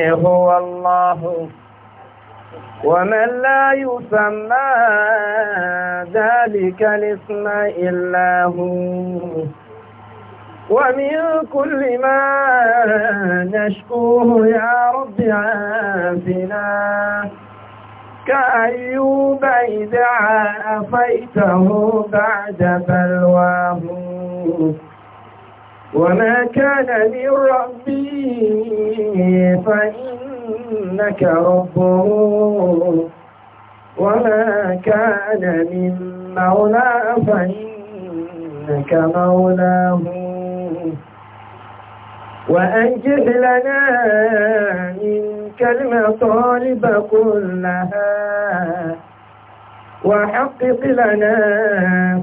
هو الله ومن لا يسمى ذلك الاسم إلا هو ومن كل ما نشكوه يا رب عافنا كأيوب إذا عافيته بعد بلواه وما كان من ربي فإنك ربه وما كان من مولى فإنك مولاه وأنجب لنا منك المطالب كلها وحقق لنا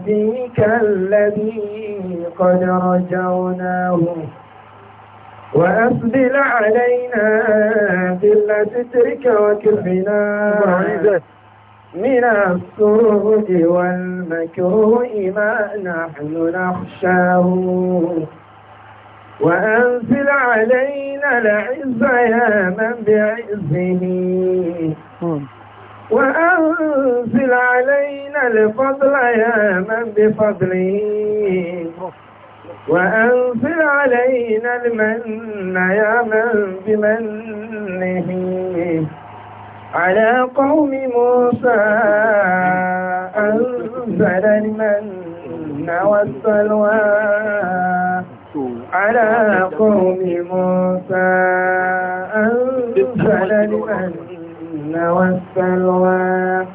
فيك الذي قد رجوناه وأسبل علينا في سترك وكفنا من السرود والمكروه ما نحن نخشاه وأنزل علينا العز يا من بعزه وأنزل علينا الفضل يا من بفضله وأنزل علينا المن يا من بمنه على قوم موسى أنزل المن والسلوى على قوم موسى أنزل المن الحزن والسلوى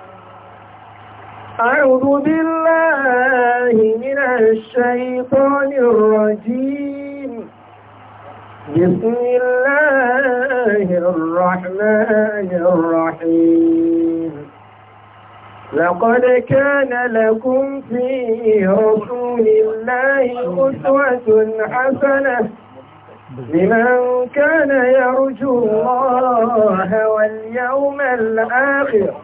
أعوذ بالله من الشيطان الرجيم بسم الله الرحمن الرحيم لقد كان لكم في رسول الله أسوة حسنة لمن كان يرجو الله واليوم الآخر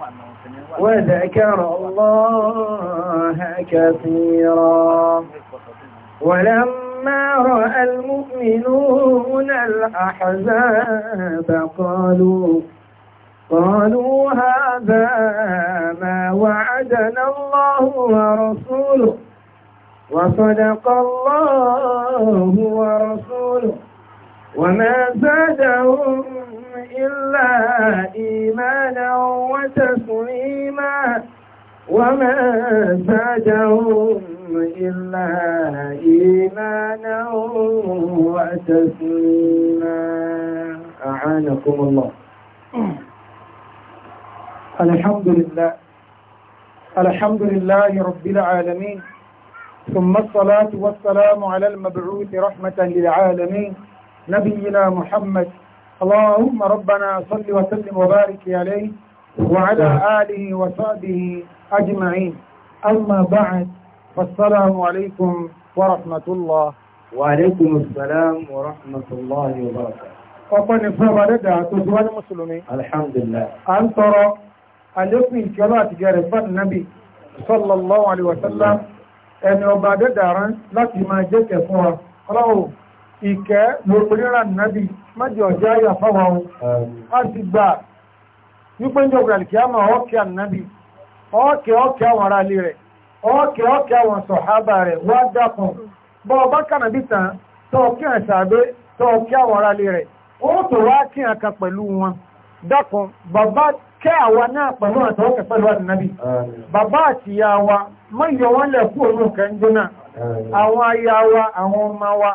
وذكر الله كثيرا ولما رأى المؤمنون الأحزاب قالوا قالوا هذا ما وعدنا الله ورسوله وصدق الله ورسوله وما زادهم إلا إيمانا وتسليما وما زادهم إلا إيمانا وتسليما أعانكم الله الحمد لله الحمد لله رب العالمين ثم الصلاة والسلام على المبعوث رحمة للعالمين نبينا محمد اللهم ربنا صل وسلم وبارك عليه وعلى آله وصحبه أجمعين أما بعد فالسلام عليكم ورحمة الله وعليكم السلام ورحمة الله وبركاته ọ̀pọ̀ni fún ọba dẹ́dà tó ti wá ní mùsùlùmí. alhamdulillah. a ń tọrọ alékún ìkẹ́lọ́ àti gẹ̀rẹ̀ fún nàbì sallallahu alaihi wasallam ẹni ọba dẹ́dà rán láti máa jẹ́kẹ̀ fún wa ọlọ́wọ́ Ike gbogbo ríran n'abi mẹ́jọ ọjọ́ ayà fáwọn ohun a ti gbà wípé ní ọgbàlì kí a ọkẹ́ ànábì ọkẹ́ ọkẹ́ àwọn ará ilé rẹ̀ ọkẹ́ ọkẹ́ àwọn sọ̀hábà rẹ̀ wá dákun bọ́ ọba kànàbí tọ́ ọkẹ́ tọ́ ọkẹ́ àwọn rẹ̀ wọn wa wọn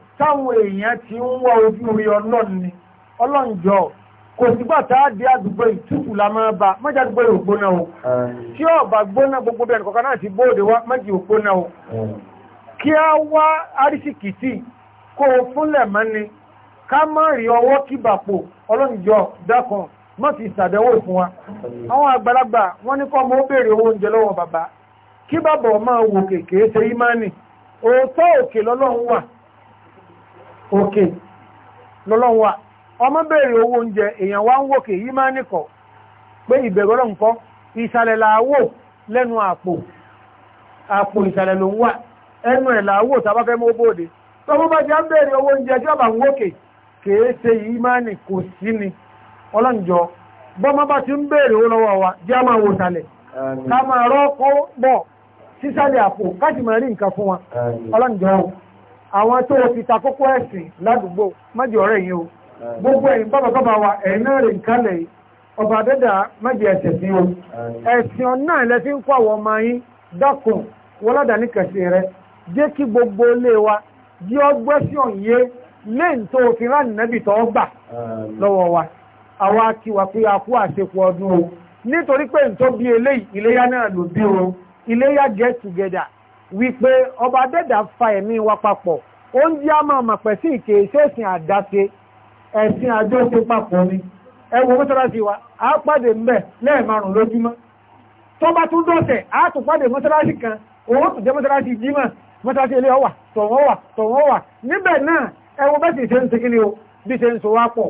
táwọn èèyàn ti ń wọ ojú rí ọlọ́run ni ọlọ́run kò sígbà la máa bá mọ́jà àdúgbò o ọba gbóná gbogbo bẹ̀rẹ̀ kọ̀ọ̀kan náà ti bóde wá mọ́jì o kí a wá arísìkìtì kó o fúnlẹ̀ ká má rí ọwọ́ kíbàpò fún wa àwọn àgbàlagbà wọ́n ní kọ́ mọ́ ó béèrè owó oúnjẹ lọ́wọ́ bàbá kí bàbá wò kèké ṣe òkè lọ́lọ́wà ọmọ bèèrè owó oúnjẹ èèyàn wá ń wòkè yí máa nìkọ̀ pé ìbẹ̀rẹ̀ ọlọ́run ìsàlẹ̀ lẹ́nu àpò àpò ìsàlẹ̀ ló ń wà ẹnu ẹ̀ làáwò tàbáfẹ́ mọ́ bóde tọ́mọ́ bá jẹ́ ń bèèrè owó oúnjẹ tí ọba ń wòkè kèé ni ọlọ́njọ́ bọ́mọ́ bá ti ń bèèrè owó lọ́wọ́ wa jẹ́ àwọn tó o fi takókó ẹ̀sìn ládùúgbò májì ọ̀rẹ́ yìí o gbogbo ẹ̀yìn bábàbábà wa ẹ̀yìn náà rìn kálẹ̀ ọba àdẹ́dà májì ẹ̀sẹ̀ sí o ẹ̀sìn ọ̀nà ilẹ̀ fi ń kọ́ àwọn ọmọ yín dákun wọlọ́dà ní rẹ jẹ́ kí gbogbo ilé wa jí ọgbẹ́ sí òye lẹ́yìn tó o fi rán nẹ́bì tó ọ gbà lọ́wọ́ wa àwa kí wà pé a kú àṣepọ̀ ọdún o nítorí pé nítorí bí eléyìí iléyà náà ló bí o iléyà get together wípé ọba dẹ́dà fa ẹ̀mí wa papọ̀ ó ń jẹ́ àmà àmàpẹ̀ sí ìkè ìṣẹ́sìn àdáṣe ẹ̀sìn àjọ́ṣe papọ̀ ni ẹwọ mọ́sálásí wa a pàdé mbẹ̀ lẹ́ẹ̀márùn lójúmọ́ tó bá tún dọ́sẹ̀ a tún pàdé mọ́sálásí kan owó tún jẹ́ mọ́sálásí jímọ̀ mọ́sálásí ilé ọwà tọ̀wọ́wà tọ̀wọ́wà níbẹ̀ náà ẹwọ bẹ́ẹ̀ sì ṣe ń ṣe kí ni o bí ṣe ń so wá pọ̀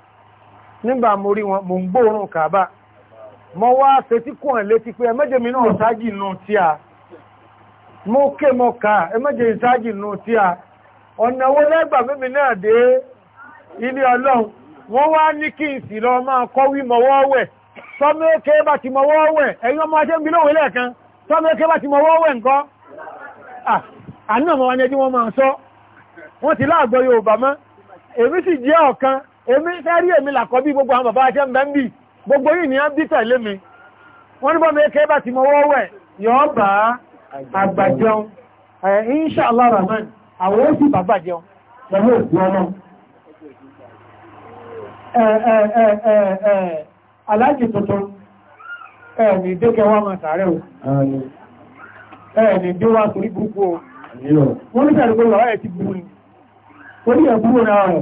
nígbà mo rí wọn mò ń gbóòórùn kàbá mo wá fetí kún ẹ̀ létí pé náà tí a mo ké mo kà a ọ̀nà owó náà dé ilé ọlọ́run wọ́n wá ní kí n sì lọ máa kọ́wí mọ́wọ́ wẹ̀ tọ́mọ bá ti mọ́wọ́ wẹ̀ ọmọ ajé ń ọmọ wa ni ẹjí wọn máa sọ ti Yorùbá èmi sẹ́rí èmi làkọ́ gbogbo àwọn bàbá ajẹ́ mẹ́ gbogbo yìí ni a bí tẹ̀lé mi wọ́n níbọ̀ mi bá ti mọ́wọ́ wẹ̀ yọ́ bá àgbàjẹun inṣàlá rahman àwọn ó sì bàbá jẹun pẹ̀lú ọmọ aláàjì tuntun ẹ̀ẹ̀ni dékẹ́ wá máa sàárẹ̀ o ẹ̀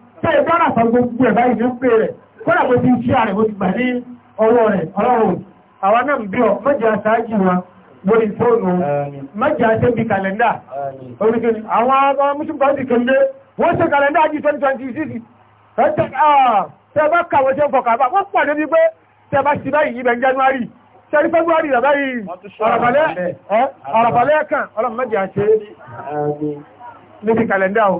tẹ́ ìbára sọ gbogbo ẹ̀bá ìjọ ń pè rẹ̀ kọ́nà bó ti ń ṣí ààrẹ bó ti gbà ní ọwọ́ rẹ̀ ọlọ́run àwọn náà ń bí ọ mẹ́jẹ aṣáájú wọn lórí fóònù mẹ́jẹ aṣẹ́ bí kàlẹ́ndà oríkèlè àwọn ọmọ mùsùlùmí bá ti kéde wọ́n ṣe kàlẹ́ndà ají 2026 tẹ́ bá kàwọ́ ṣe ń fọkà bá wọ́n pọ̀ débi pé tẹ́ bá ṣe báyìí ibẹ̀ January ṣẹ́rí February rẹ̀ báyìí ọ̀rọ̀bàlẹ́ kan ọlọ́mọdé àṣẹ níbi kàlẹ́ndà o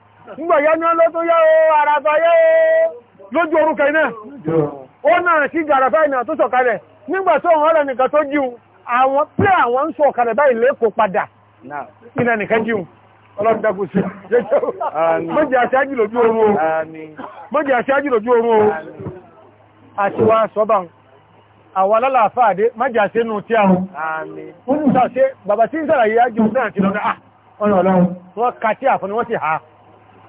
nígbàyá ní ọlọ́tún yẹ́ o àràfà yẹ́ o lójú orúkẹ iná ó náà sí gàràfà ìnà tó sọ̀kalẹ̀ nígbà tó wọ́n nìkan tó jíun àwọn pé àwọn ń sọ̀kalẹ̀ báyìí lẹ́kọ̀ọ́ padà ìnà nìkan jíun àwọn alálàáfà àdé tí a bàbá tí ń ájú náà ti lọ́nà ah, ọ̀nà wọ́n tí wọ́n ti ha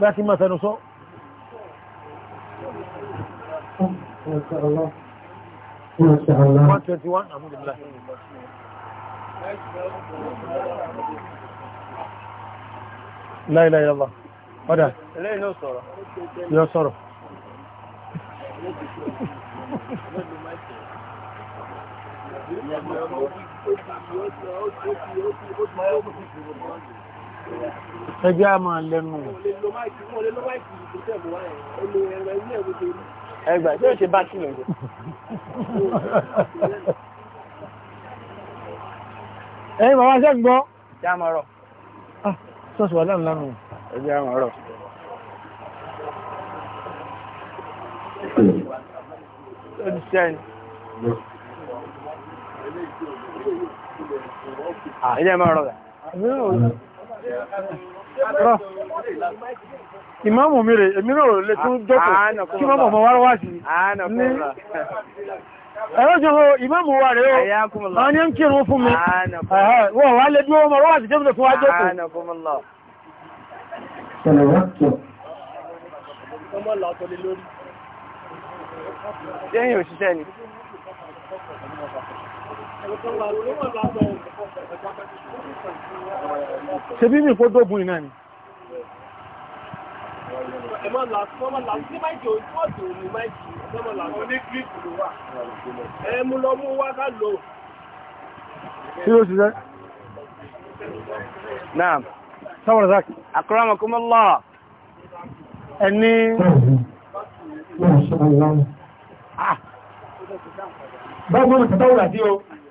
láti ah, máa fẹnu sọ láìláìlọ́lá padà yọ sọ̀rọ̀ Thank you ẹjẹ́ a lẹ́nu ẹgbà tí ah, ó ṣe bá kí lẹ́gbẹ̀ ẹ̀yìn bàbá ṣẹ́ gbọ́ ẹjẹ́ a máa rọ̀ sọ́sùwà lánàánù ẹjẹ́ a máa rọ̀ Ilé ìjọba. Ilé ìjọba. Ilé ìjọba rọ ìmáàmù mi rè èmi náà lè tún ah, jókòó kí mọ́mọ̀ mọ́ wárọ́ wá sí ní ẹ̀rọ ṣe ho ìmáàmù wa rẹ̀ o àwọn ní ń kírun fún mi wọ́n wá lè dúró mọ́ wá sí jẹ́ fún òṣìṣẹ́ ni ṣe bí mi kó dógun iná ni ẹmú lọ wá ká lò tí ó ṣiṣẹ́ náà sáwọn ìsáàkì akramakumullah ẹni bọ́gbọ́n ti dáwọ̀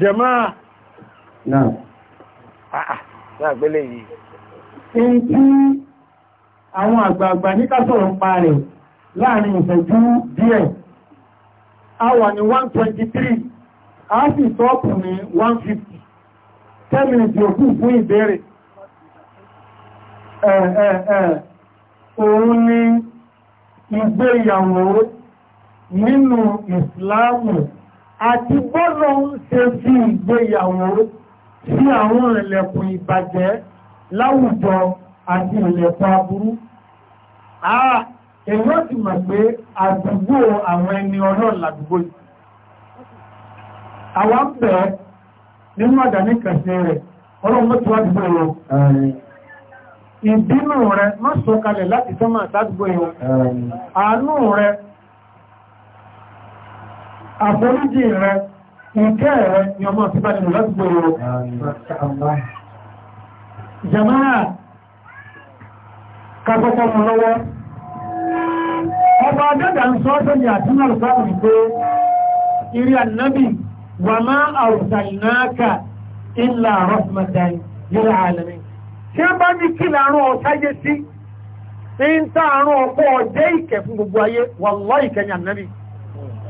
jẹmáà ah, ah, náà àgbélé yìí in tí àwọn àgbààgbà ní kásọ̀rọ̀ ń pa rẹ̀ láàrin ìṣẹ́jú díẹ̀ a wà ní 123 a sì tọ́pù ní 150 10 minutes òkú fún ìbéèrè òun ni ìgbéyàwó nínú ìsìláàmù àti bọ́lọ̀ ń ṣe sí ìgbéyàwó sí àwọn ìlẹ̀kùn ìbàjẹ́ láwùjọ àti ìlẹ̀kùn aburú. a èyàn ti mọ̀ pé àdúgbò àwọn ẹni ọlọ́run làdúgbò yìí àwọn ń bẹ̀ nínú àdáni kẹsẹ̀ rẹ̀ ọlọ́run mọ́ àforíjì rẹ ìkẹ́ rẹ ni ọmọ ti bá nínú láti gbòòrò jàmáà kápọ́pọ́ mọ́ lọ́wọ́ ọba adẹ́dà ń sọ ọ́sẹ́ni àti mọ́lùfáà wípé ìrí ànábì wà máa àrùsàìnáàkà ìlà rahmatan lil alamin tí a bá ní kí láàrùn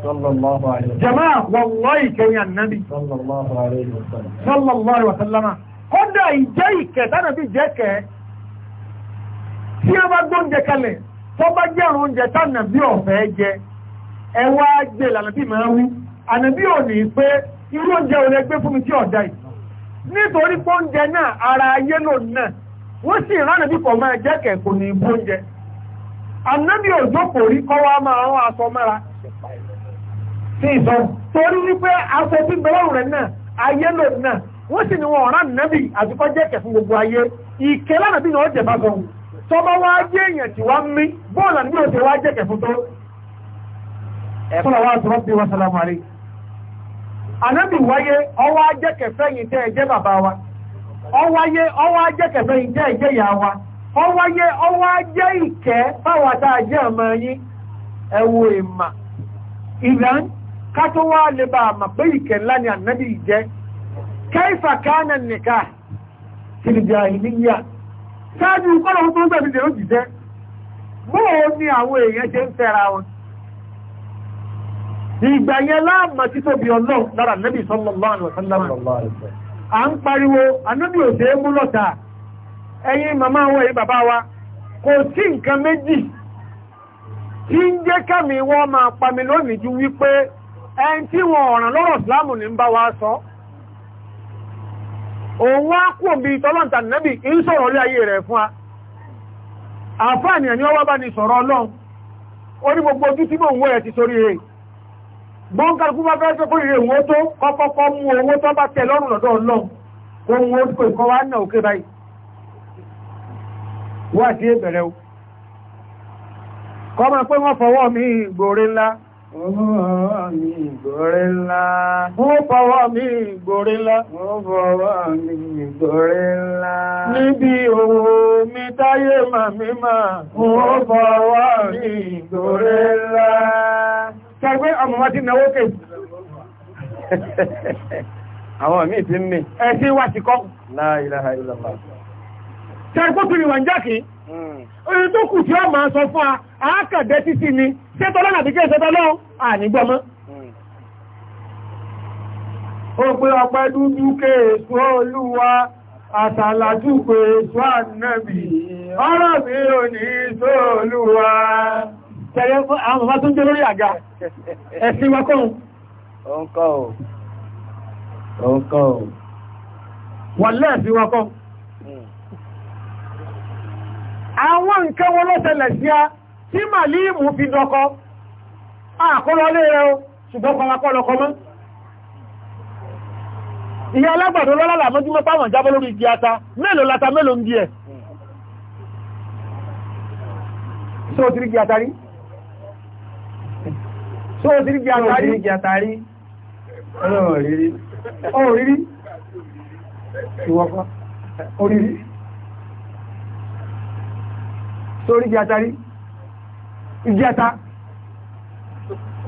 sallallahu alayhi wa sallam jama'a wallahi kẹrin annabi sallallahu alayhi wa sallam sallallahu alayhi wa sallam kódà ìjẹ́ ìkẹ́ tánà bí jẹ́kẹ́ tí a bá gbóúnjẹ kalẹ̀ tó bá jẹ́ àrùn oúnjẹ tánà bí ọ̀fẹ́ jẹ ẹwà gbé lànà bí máa wí ànàbí ò ní pé irú oúnjẹ ò lè fún mi tí ọ̀dá yìí nítorí pé oúnjẹ náà ara ayé lò náà wọ́n sì ránà bí máa jẹ́kẹ́ kò ní ibú oúnjẹ sí ìsọ torí wípé aṣọ tí gbẹwọrùn rẹ náà ayé lò náà wọ́n sì wọn ọ̀rá nàbì àtikọ́ kẹfún gbogbo ayé ìkẹ́ lánàá bí wọ́n jẹ̀bá gan tọ́ba wá jẹ́ èèyàn tí wá mí bọ́ọ̀lù àti wá jẹ́ kẹfún tó. bí wọ́n wáyé ọwọ́ ajẹ́ kẹfẹ́ yìí tẹ́ bàbá wa ọwáyé ọwọ́ ajẹ́ kẹfẹ́ yìí tẹ́ ẹ ìyá wa ọwọ́ a kátó wá lè bá àmà pé ike ńlá ni ànábì jẹ́ kẹ́ìfà káánà nìka tìlìjà ìníyà sáájú kọ́lọ̀ tó ń gbẹ̀mí lèrò jìjẹ́ ni àwọn èèyàn ṣe ń fẹ́ra wọn ìgbà yẹn tobi títóbi lara lára sallallahu alaihi wasallam à pariwo ànábì ò ṣe é mú wa jẹ́ kẹ́mi wọ́n ẹn tí wọn ọ̀ràn lọ́rọ̀ ìsìláàmù ní ń bá wa sọ òun wá kú òbí tọ́lọ́ntà nẹ́bì ń sọ̀rọ̀ lé ayé rẹ̀ fún a àfáàní ẹni ọwọ́ bá ní sọ̀rọ̀ ọlọ́un ó ní gbogbo ojú tí ẹ̀ ti sórí rẹ̀ bá fẹ́ òun ó tó kọ́kọ́kọ́ o mi ìgbòrí ńlá. Ó fọwọ́ mi ìgbòrí ńlá. Ó fọwọ́ mi Níbi òwò mi táyé mà mí mà. Ó fọwọ́ mi ìgbòrí ńlá. Ṣẹ́gbé ọmọ ti náwó kè. Àwọn mi ti ń mi. Ẹ sí wá ti kọ́. La ilaha illallah. Ṣẹ́gbó kiri wà ń jákìí hmm. orin tó kù tí ó máa sọ fún a àákàdẹ́ títí ni ṣé tọ́lọ́nà bí ànígbọ́mọ́ ó pé ọpẹ́ dúdú kéèsù olúwa àtàlàjú kéèsù ànábì ọ̀rọ̀ mi ò ní ìsọ olúwa tẹ̀rẹ àwọn bàbá tó jẹ́ lórí àga ẹ̀sìn wakọ́hùn wọ́n lẹ́ẹ̀sìn wakọ́hùn hmm. àwọn nǹkan wọ́n lọ́sẹ̀lẹ̀ sí a tí màlíìmù fi dọ́kọ́ Ah, àkọlọlé rẹ̀ o ṣùgbọ́n kọlakọlọkọ mọ́ ìyá alágbàdo lọ́lọ́lá mọ́júmọ́ páwọn jábọ́ lórí igi ata mélòó lata mélòó ń bí ẹ̀ só ti rí igi atari só ti rí igi atari ọ̀rírí ọ̀rírí ìwọ̀kọ́ orírí só rí igi atari igi ata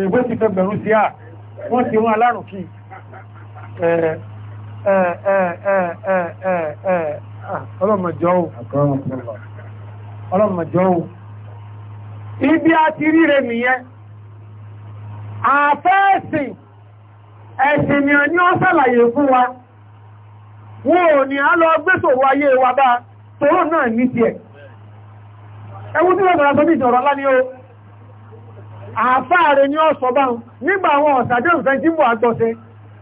ìwé ti fẹ́ bẹ̀rù sí à wọ́n ti wọ́n alárùn kí ọlọ́mọjọ́ ohun ibi a ti rí ríre nìyẹn àfẹ́ẹ̀sìn ẹ̀sìn ni ọ̀ní ó ṣàlàyé fún wa wọ́n ò ní a lọ gbésòwò ayé wa bá tòrò náà ní tiẹ̀ ẹwú tí wọ́n sọ bí ìjọ̀rọ̀ lá ní o àfáà rẹ̀ ní ọ̀sọ̀ bá nígbà àwọn ọ̀sàdé òfẹ́ jímbò àgbọ̀sẹ̀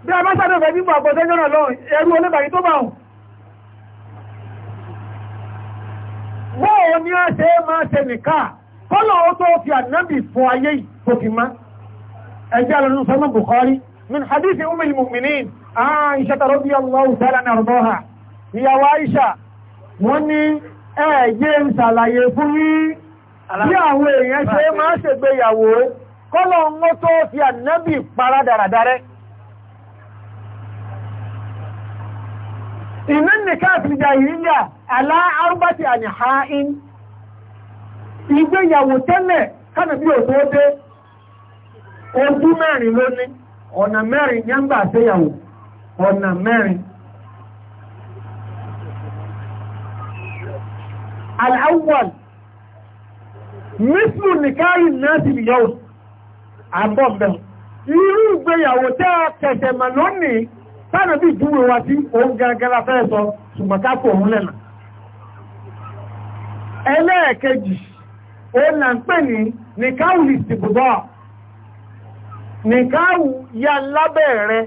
bí a bá sàdé òfẹ́ jímbò àgbọ̀sẹ̀ jọ́nà lọ ẹrú olébàrí tó bá hùn wọ́n ní a ṣe máa ṣe nìká kọ́lọ̀ ó tó fi ànábì fún ayé ìtòkì má ẹjẹ́ alọ́nà sọ́nà Bukhari min hadith umil mu'minin Aisha radiyallahu ta'ala anha ìyàwó Aisha wọ́n ní ẹ̀yẹ́ ń ṣàlàyé fún yí bí àwọn èèyàn ṣe máa ṣègbéyàwó kọ́lọ̀ wọ́n tó fi ànábì para dáradára iná nìká àfìjà ìrìnlẹ̀ aláàrùbátì àníháín ìgbéyàwó tẹ́lẹ̀ kánàbí ò tó dé ojú mẹ́rin lónìí ọ ọ̀nà mẹ́rin الأول مثل نكاح الناس اليوم àbọ̀ bẹ̀ irú ìgbéyàwó tẹ́ kẹsẹ̀mà lónìí tánà bí ìjúwe wa sí òun gẹ́gẹ́ra fẹ́ sọ ṣùgbọ́n ká kò òun lẹ́nà ẹlẹ́ẹ̀kejì òun là ń pè ní nìkáwù ìsìbùdọ́ nìkáwù ya lábẹ́ẹ̀rẹ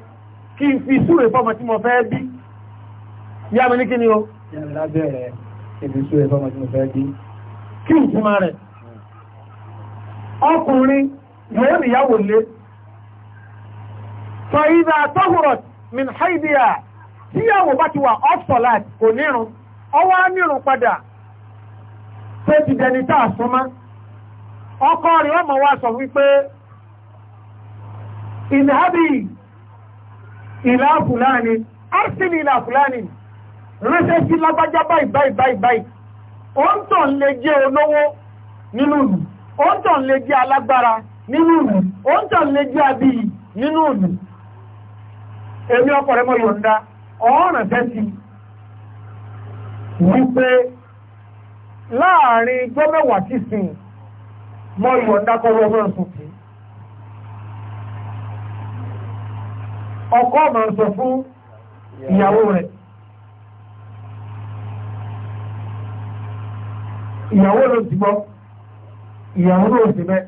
kí n fi súre fọ́mọ tí mo fẹ́ bí yá ní kí ni o ibi sú ẹ̀fọ́ mọ̀ tí mo fẹ́ dé kí n túmọ̀ rẹ̀ ọkùnrin yóò níyàwó lé sọ ìdá tọ́hùrọ̀ min haidia tíyàwó bá ti wà ọ́pọ̀láàt kò nírun ọwọ́ nírun padà tó ti dẹni tá súnmọ́ ọkọ rẹ̀ ọmọ wa sọ wípé ìnáàbì ìlà ránṣẹ́ sí lágbájá báyìí báyìí báyìí báyìí ó ń tàn lè jẹ́ olówó nínú ìlú ó ń tàn lè jẹ́ alágbára nínú ìlú ó ń tàn lè jẹ́ abiyì nínú ìlú èmi ọkọ̀ rẹ̀ mọ̀ yọ̀ǹda ọ̀ràn fẹ́ sí wípé láàrin gbọ́mẹ̀wà tí sìn mọ̀ yọ̀ǹda kọ́rọ̀ ọmọ ẹ̀sùn tí ọkọ̀ ọmọ ẹ̀sùn fún ìyàwó rẹ̀ ìyàwó ló ti gbọ́ ìyàwó ló ti bẹ́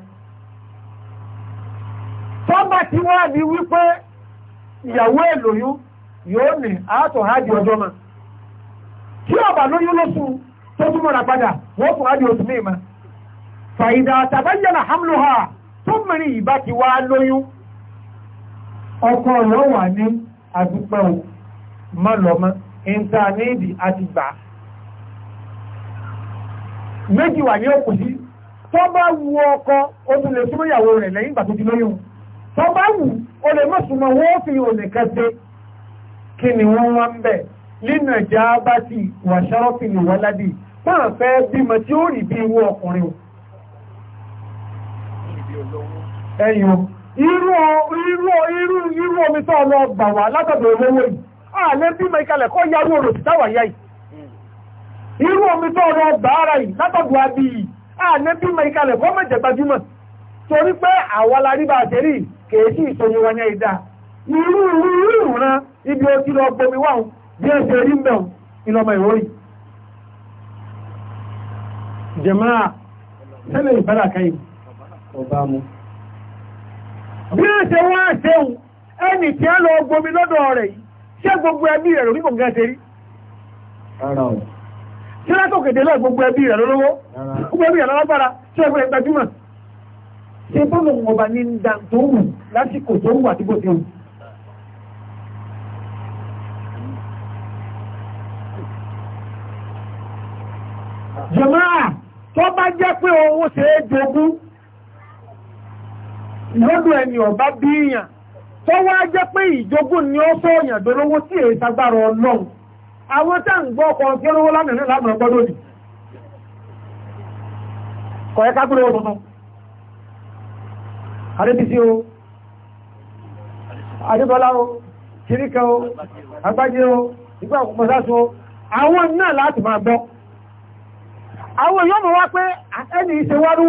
tọ́gbà tí wọ́n ní wípé ìyàwó èlòyún yóò ní ọjọ́ ma tí ọba lóyún lóṣù tó túnmọ̀ rà padà wọ́n tún hajj oṣù mìíràn tó ìbá ti wá lóyún wà ní àdúpẹ́ o má lọ mọ́ méjì wà ní òkú sí tó bá wu ọkọ o tún lè súnmọ́ ìyàwó rẹ̀ lẹ́yìn ìgbà tó ti lóyún tó bá wù ó lè súnmọ́ wọ́n fi òní kẹsẹ̀ kí ni wọ́n wá ń bẹ̀ lẹ́nà bá ti wà ṣárọ́fì ní wọ́ládì máa fẹ́ tí ó rí bí ọkùnrin omi tó lọ bà wá látọ̀dọ̀ yìí àlẹ́ bímọ ìkàlẹ̀ kọ́ rò sí táwà yá irú omi tó rọ bàárà yìí látọ̀dù àbí ànẹ́bí mẹ́ríkàlẹ̀ kọ́ mẹ́jẹ̀ gbajúmọ̀ torí pé àwa la rí bá a tẹ̀rí kèé sí ìsòyè wa ní ẹ̀dá irú irú ìrùnà ibi ó ti lọ gbomi wà bí ẹ ṣe rí mẹ́un ìlọmọ ìwórì jẹmáà tẹ́lẹ̀ ìbára káyìí ọba mú bí ẹ ṣe wá ṣeun ẹni tí a lọ gbomi lọ́dọ̀ rẹ̀ yìí ṣé gbogbo ẹbí rẹ̀ lórí kò gẹ́ tí kèdè lọ gbogbo ẹbí rẹ̀ lọ́lọ́wọ́ gbogbo ẹbí rẹ̀ lọ́lọ́gbára tí ẹgbẹ́ ṣe ní tó wù lásìkò tó wù àti tó bá jẹ́ pé owó ṣe é jogún lọ́dọ̀ ẹni bíyàn àwọn tá ń gbọ́ ọkọ̀ tí ó lówó lánàá lánàá gbọ́dọ̀ ni kọ̀ẹ́ kágbúrò tuntun adébísí o adébọ́lá o kìríkà o agbájé o ìgbà ọkùnmọ̀sáṣo àwọn náà láti máa gbọ́ àwọn yóò mọ̀ wá pé ẹni iṣẹ́ wárú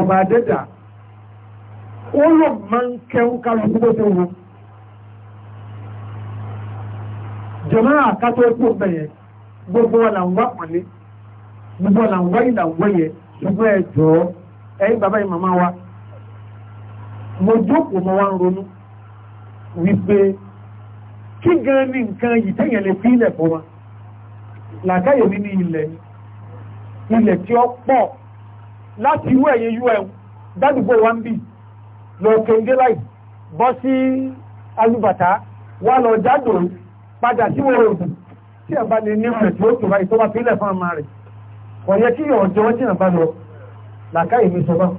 ọba dẹ́dà wọ́n lọ máa ń kẹrún kálukú bó ṣe wù. jọ̀mọ́ àkátó epo bẹ̀yẹ gbogbo wa là ń wá pọ̀lẹ́ gbogbo wa là ń wáyé là ń wáyé ṣùgbọ́n ẹ jọ ẹ̀yin bàbá yìí màmá wa mo jókòó mo wá ń ronú wípé kí gan ni nǹkan yìí téèyàn lè fi ilẹ̀ fún wa làkàyè mi ilẹ̀ ilẹ̀ tí ó pọ̀ láti irú ẹ̀yẹ un e, dádùgbò wa ń bì lọ kéńdé láì bọ́ sí alúbàtà wà lọ jádò padà sí wọ́n òkú tí a bá lè ní rẹ̀ tí ó tó báyìí tó bá fílẹ̀ fún àmà rẹ̀ kò yẹ kí ọjọ́ tí a bá lọ làkáyì mi sọ́bọ̀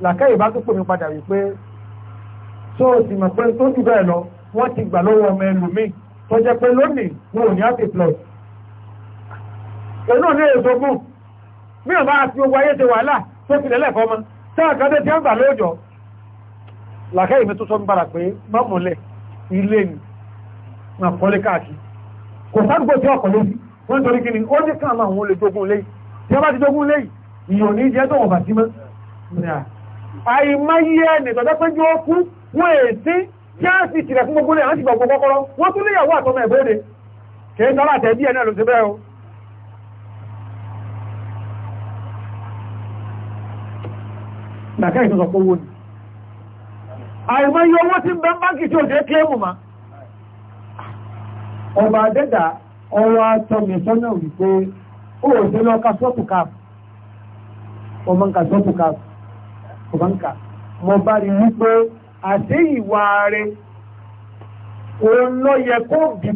làkáyì bá tó pè mí padà wípé tó o sì mọ̀ pé tó jù bẹ́ẹ̀ lọ wọ́n ti gbà lọ́wọ́ ọmọ ẹlòmíì tó jẹ́ pé lónìí wọn ò ní àti plọ̀ ẹnu ní èso gùn mí ò bá fi owó ayé ṣe wàhálà tó fi lẹ́lẹ̀ fọmọ sáà kan tó ti ń gbà lóòjọ́ làkẹ́ ìmẹ́ tó sọ ń bára pé mọ́mọ̀lẹ̀ ilé ni na kọ́lé káàkiri kò sádùgbò tí ọkọ̀ lé wọ́n torí kí ni ó ní káàmà àwọn olè jogun lé tí a bá ti jogun lé ìyọ̀ ní jẹ́ tó wọ̀n bà sí mọ́ àìmáyé ẹni tọ́jọ́ pé yóò kú wọ́n èsí kí á sì tìrẹ̀ fún gbogbo lé àwọn ti gbogbo kọ́kọ́rọ́ wọ́n tún léyàwó àtọmọ ẹ̀bọ́dẹ kìí sọ́lá tẹ̀ díẹ̀ náà ló ṣe bẹ́ẹ̀ o làkẹ́ ìtọ́sọ̀pọ̀ wo ni àìmọye owó tí ń bẹ báńkì tí ò jẹ́ ma ọba adẹ́dà ọwọ́ atọ́mẹ̀sọ́nà wípé ó ò sí lọ ka káp ọmọ nǹka sọ́ọ̀tù káp ọmọ nǹka mo bá rí wípé àti ìwà rẹ òun lọ yẹ kó ní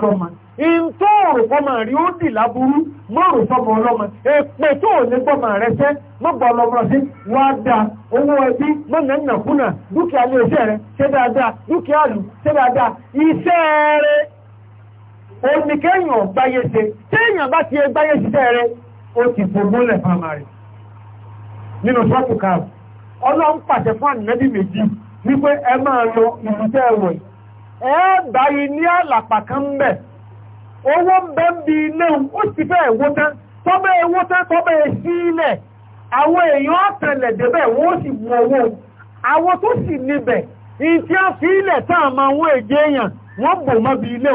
tó ìntọ́ òrùkọ́mọ̀ rí ó dì láburú mọ́rùn sọmọ ọlọ́mọ èpè tó ò ní gbọ́mọ̀ rẹ sẹ́ mọ́gbọ́ ọlọ́mọ sí wá da owó ẹbí mọ́nà ń nàkúnà dúkìá ilé iṣẹ́ rẹ ṣe dáadáa dúkìá lù ṣe dáadáa iṣẹ́ rẹ òní kéèyàn gbáyé ṣe téèyàn bá ti gbáyé ṣiṣẹ́ rẹ ó ti fògbó lẹ̀ owó ń bẹ́ ń bi ilé ó sì fẹ́ ẹ̀wó tán tọ́bẹ̀ ẹ̀wó tán tọ́bẹ̀ sí ilẹ̀ àwọn èèyàn àtẹlẹ̀ débẹ̀ wọ́n sì mú owó àwọn tó sì níbẹ̀ ìtí á fi ilẹ̀ tá a máa wọ́n èjé èèyàn wọ́n bò mọ́ bi ilé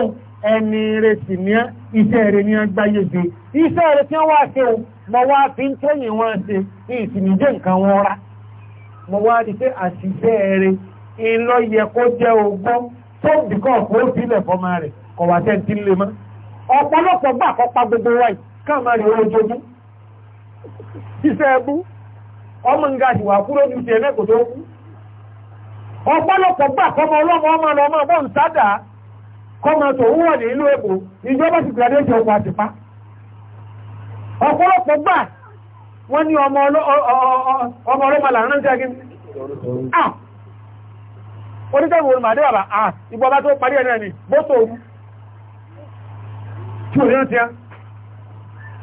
ẹni rẹ̀ sì ní iṣẹ́ rẹ̀ ní agbáyé de iṣẹ́ rẹ̀ tí wọ́n wá ṣe o mọ̀ wá fi ń tẹ́yìn wọn ṣe ìsìnìjẹ́ nǹkan wọn rá mọ̀ wá di pé àṣìṣe rẹ̀ ìlọ yẹ kó jẹ́ ogbó tó bìkọ́ kó sílẹ̀ fọmọ rẹ̀ kọ̀wá tẹ́ ti lè mọ́ ọ̀pọ̀lọpọ̀ gbà kọpa gbogbo wa yìí ká rí owó iṣẹ́ ẹbú ọmọ nga ti wà kúrò ní ìṣẹ̀lẹ̀ tó kú ọ̀pọ̀lọpọ̀ ọlọ́mọ ọmọ ọmọ kọmọ tó ń wọ̀ ní ìlú èkó ìjọba ti gbàdé ìjọ ọkọ̀ àtìpá ọ̀pọ̀lọpọ̀ wọ́n ní ọmọ ọlọ́mọ làrán sí tí ò rántí á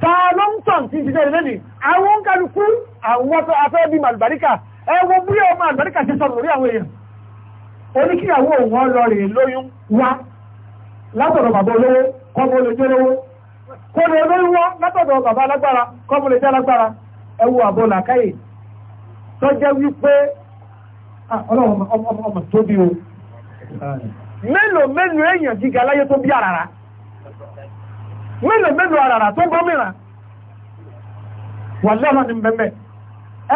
ta ló ń tàn tí ìṣẹ́ ìrìnlẹ́ ni àwọn ń kálukú àwọn afẹ́ bí màlùbáríkà ẹwọ bí ọmọ àlùbáríkà ti sọ̀rọ̀ lórí àwọn èèyàn oníkíyàwó òun lọ rè lóyún wá látọ̀dọ̀ bàbá olówó kọ́mọ olè jẹ́ olówó kọ́mọ olóyún wá látọ̀dọ̀ bàbá alágbára kọ́mọ olè jẹ́ alágbára ẹwọ àbọ̀ làkáyè tó jẹ́ wípé ọlọ́run ọmọ tóbi o mélòó mélòó èèyàn gíga láyé tó bí àràrà mélòó mélòó àràrà tó gómìnà wà lọ́rọ̀ ní bẹ́ẹ̀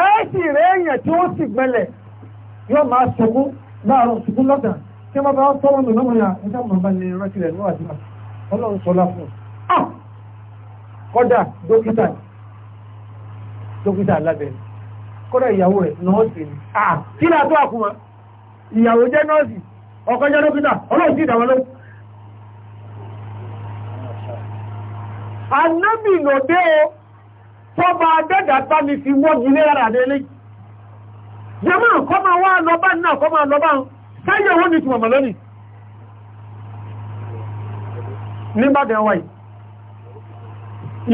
ẹ sì rẹ̀ èèyàn tí ó sì gbẹlẹ̀ yóò máa ṣubú láàárọ̀ ṣubú lọ́gà tí wọ́n bá tọ́wọ́ nù lọ́wọ́ yà ẹjọ́ mọ̀ bá lè rẹ́kìlẹ̀ ní wàdíwà ọlọ́run sọlá fún un ah! kọ́dà dókítà dókítà lábẹ́rẹ́ kọ́dà ìyàwó rẹ̀ nọ́ọ̀sì ni ah! kí ni lọ́wọ́ anábì lòdé o tọba adẹ́gà bá mi fi wọ́gi lé rárá délé jẹmọ́ kọ́ máa wá lọ́bá náà kọ́ máa lọ́bá sẹ́yẹ̀ wọ́n ni tùmọ̀mọ̀ lónìí nígbàdẹ̀ wáyé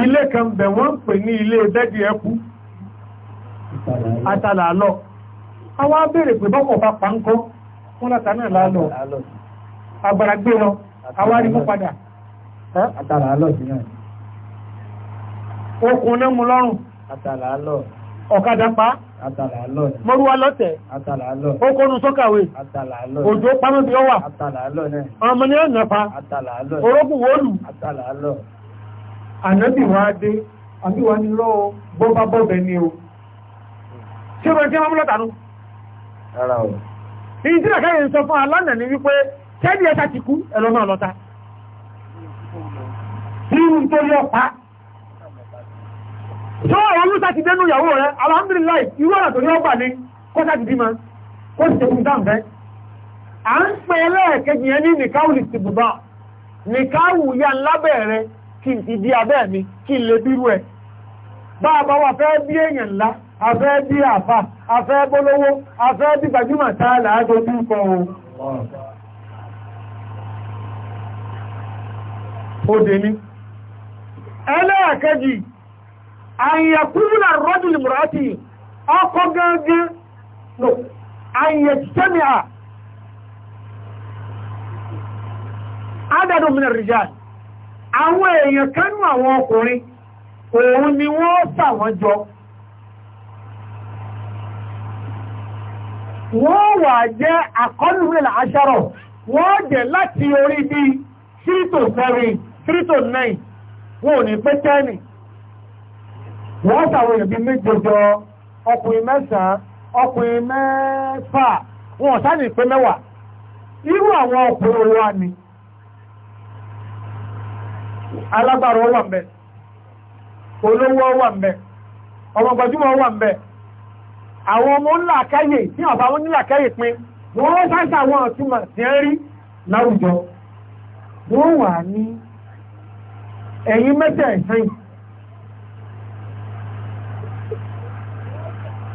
ilé kan bẹ̀ wọ́n pè ní ilé bẹ́ẹ̀dì ẹkú àtàlà àwọn abẹ́rẹ̀ pé bọ́kọ̀ bá pa ń kọ́ wọ́n okùn náà mú lọ́rùn àtàlálọ̀ ọ̀kadà pa àtàlálọ̀ mọ́rúwá lọ́tẹ̀ àtàlálọ̀ okòónú sọ́kàwé àtàlálọ̀ òjò pamọ́ bí ó wà àtàlálọ̀ náà ọmọ ní ọ̀nà pa àtàlálọ̀ orókùn wọ́ọ̀lù àtàlálọ̀ ànábì wá dé àbí wá ní lọ́wọ́ bọ́bá bọ́bẹ̀ ni o ṣé o bẹ tí wọ́n mú lọ́tà nù. rárá o. ìyí tí làkàyè ń sọ fún alánà ni wípé kẹ́ẹ̀dì ẹ̀ta ti kú ẹ̀lọ́ náà lọ́ta. bí irú tó yọ pa tó àwọn olúta ti dénú ìyàwó rẹ̀ alhamdulillah irú ọ̀nà tó ní ọgbà ní kọ́ta ti bímọ kó ti tẹ̀kùn dáǹfẹ́ à ń pẹ ẹlẹ́ẹ̀kejì yẹn ní nìkáwù lè ti bùbá nìkáwù ya lábẹ́ rẹ kí n ti di abẹ́ mi kí n lè bírú ẹ̀ bá a bá wà fẹ́ bí èèyàn ńlá a fẹ́ bí àfà a fẹ́ bólówó a fẹ́ bí gbajúmọ̀ tá a là á dojú kọ o ó dé ní ẹlẹ́ẹ̀kejì àyẹ̀kúrúnà rọ́dùn ìmúratì ọkọ̀ gángan no àyẹ̀tẹ́mìà adádùn mìíràn rijal àwọn èèyàn kánú àwọn ọkùnrin òun ni wọ́n sà wọ́n jọ wọ́n wà jẹ́ àkọlù mìíràn aṣọ́rọ̀ wọ́n jẹ́ láti orí bí 3 to 7 3 to 9 wọ́n ò ní pẹ́ 10 wọ́n sàwọn èèyàn bíi méje jọ ọkùnrin mẹ́sàn-án ọkùnrin mẹ́fà wọn ọ̀sán ní ìpín mẹ́wàá irú àwọn ọkùnrin wa ni alágbára wà mbẹ olówó wà mbẹ ọmọ gbajúmọ̀ wà mbẹ àwọn ọmọ ńlá àkáyè tí ọ̀fà wọn nílà àkáyè pin wọ́n sáṣà wọn ọ̀túnmọ̀ sí ń rí láwùjọ wọ́n wà ní ẹ̀yìn mẹ́tẹ̀ẹ̀sìn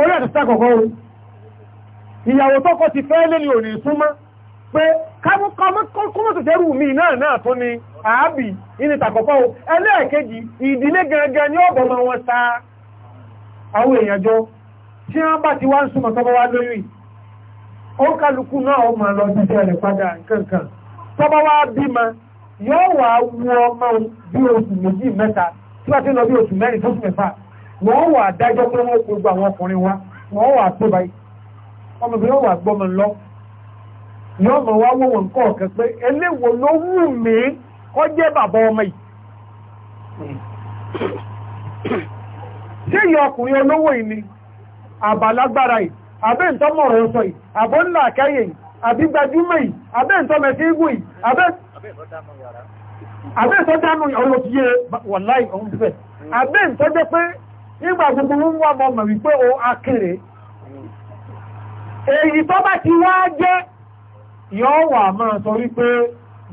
orí àtúntà kọ̀kọ́ o ìyàwó tọ́kọ ti fẹ́ lé ní òní súnmọ́ pé kọ́mọ́tòtẹ́rù mi náà náà tó ni àábì ní tàkọ̀kọ́ o ìdílé gangan ní ọ̀bọ̀ ma wọn sa àwọn èèyàn tí wọ́n bá ti wá ń súnmọ́ tọ́bọ́ wá lórí ó náà wọ́n wà dájọ́ pé wọ́n kó ọkùnrin wà báyìí ọmọbìnrin wà lọ mọ̀ wá wọ́n nǹkan ọ̀kẹ́ pé ló wù mí kọ́ jẹ́ bàbá ọmọ yìí ọkùnrin olówó yìí ni àbálágbára yìí yìí yìí yìí igun yìí nígbà gbogbo ń wọ́n mọ̀ wípé o akèrè èyí tó bá ti wá jẹ́ yọ́ wà máa sọ wípé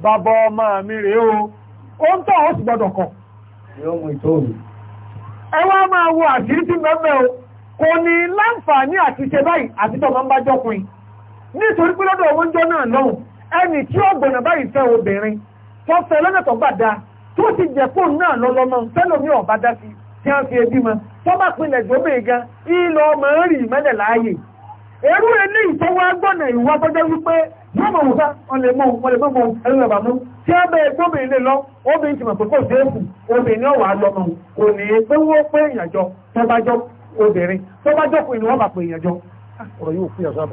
bàbá ọmọ o ń tọ́ kọ̀ o kò ní láǹfààní àti ṣe báyìí àti tọ́ máa ń bá jọ́kùn nítorí pé lọ́dọ̀ owó ń jọ náà lọ́hùn ẹni tí ó gbọ̀nà báyìí fẹ́ obìnrin tó fẹ́ lọ́nà tó tó ti jẹ́ fóònù náà tí a fi ẹbí ma tó bá pinlẹ̀ gbóbè gan ìlọ ọmọ rì mẹ́lẹ̀ láàyè èrú ilé ìtọ́wọ́ agbọ́nà ìwà tọ́jọ́ wípé yóò mọ̀ wùfá ọlẹ̀ mọ̀ ọlẹ̀ mọ̀ ẹ̀rù ẹ̀bà mú tí a bẹ gbóbè ilé lọ obìnrin ti mọ̀ pé kò déèkù obìnrin ọ̀wà lọ́mọ kò ní pé wọ́n pé ìyànjọ tó obìnrin tó bá jọ wọ́n bà pé ìyànjọ. ọ̀rọ̀ yóò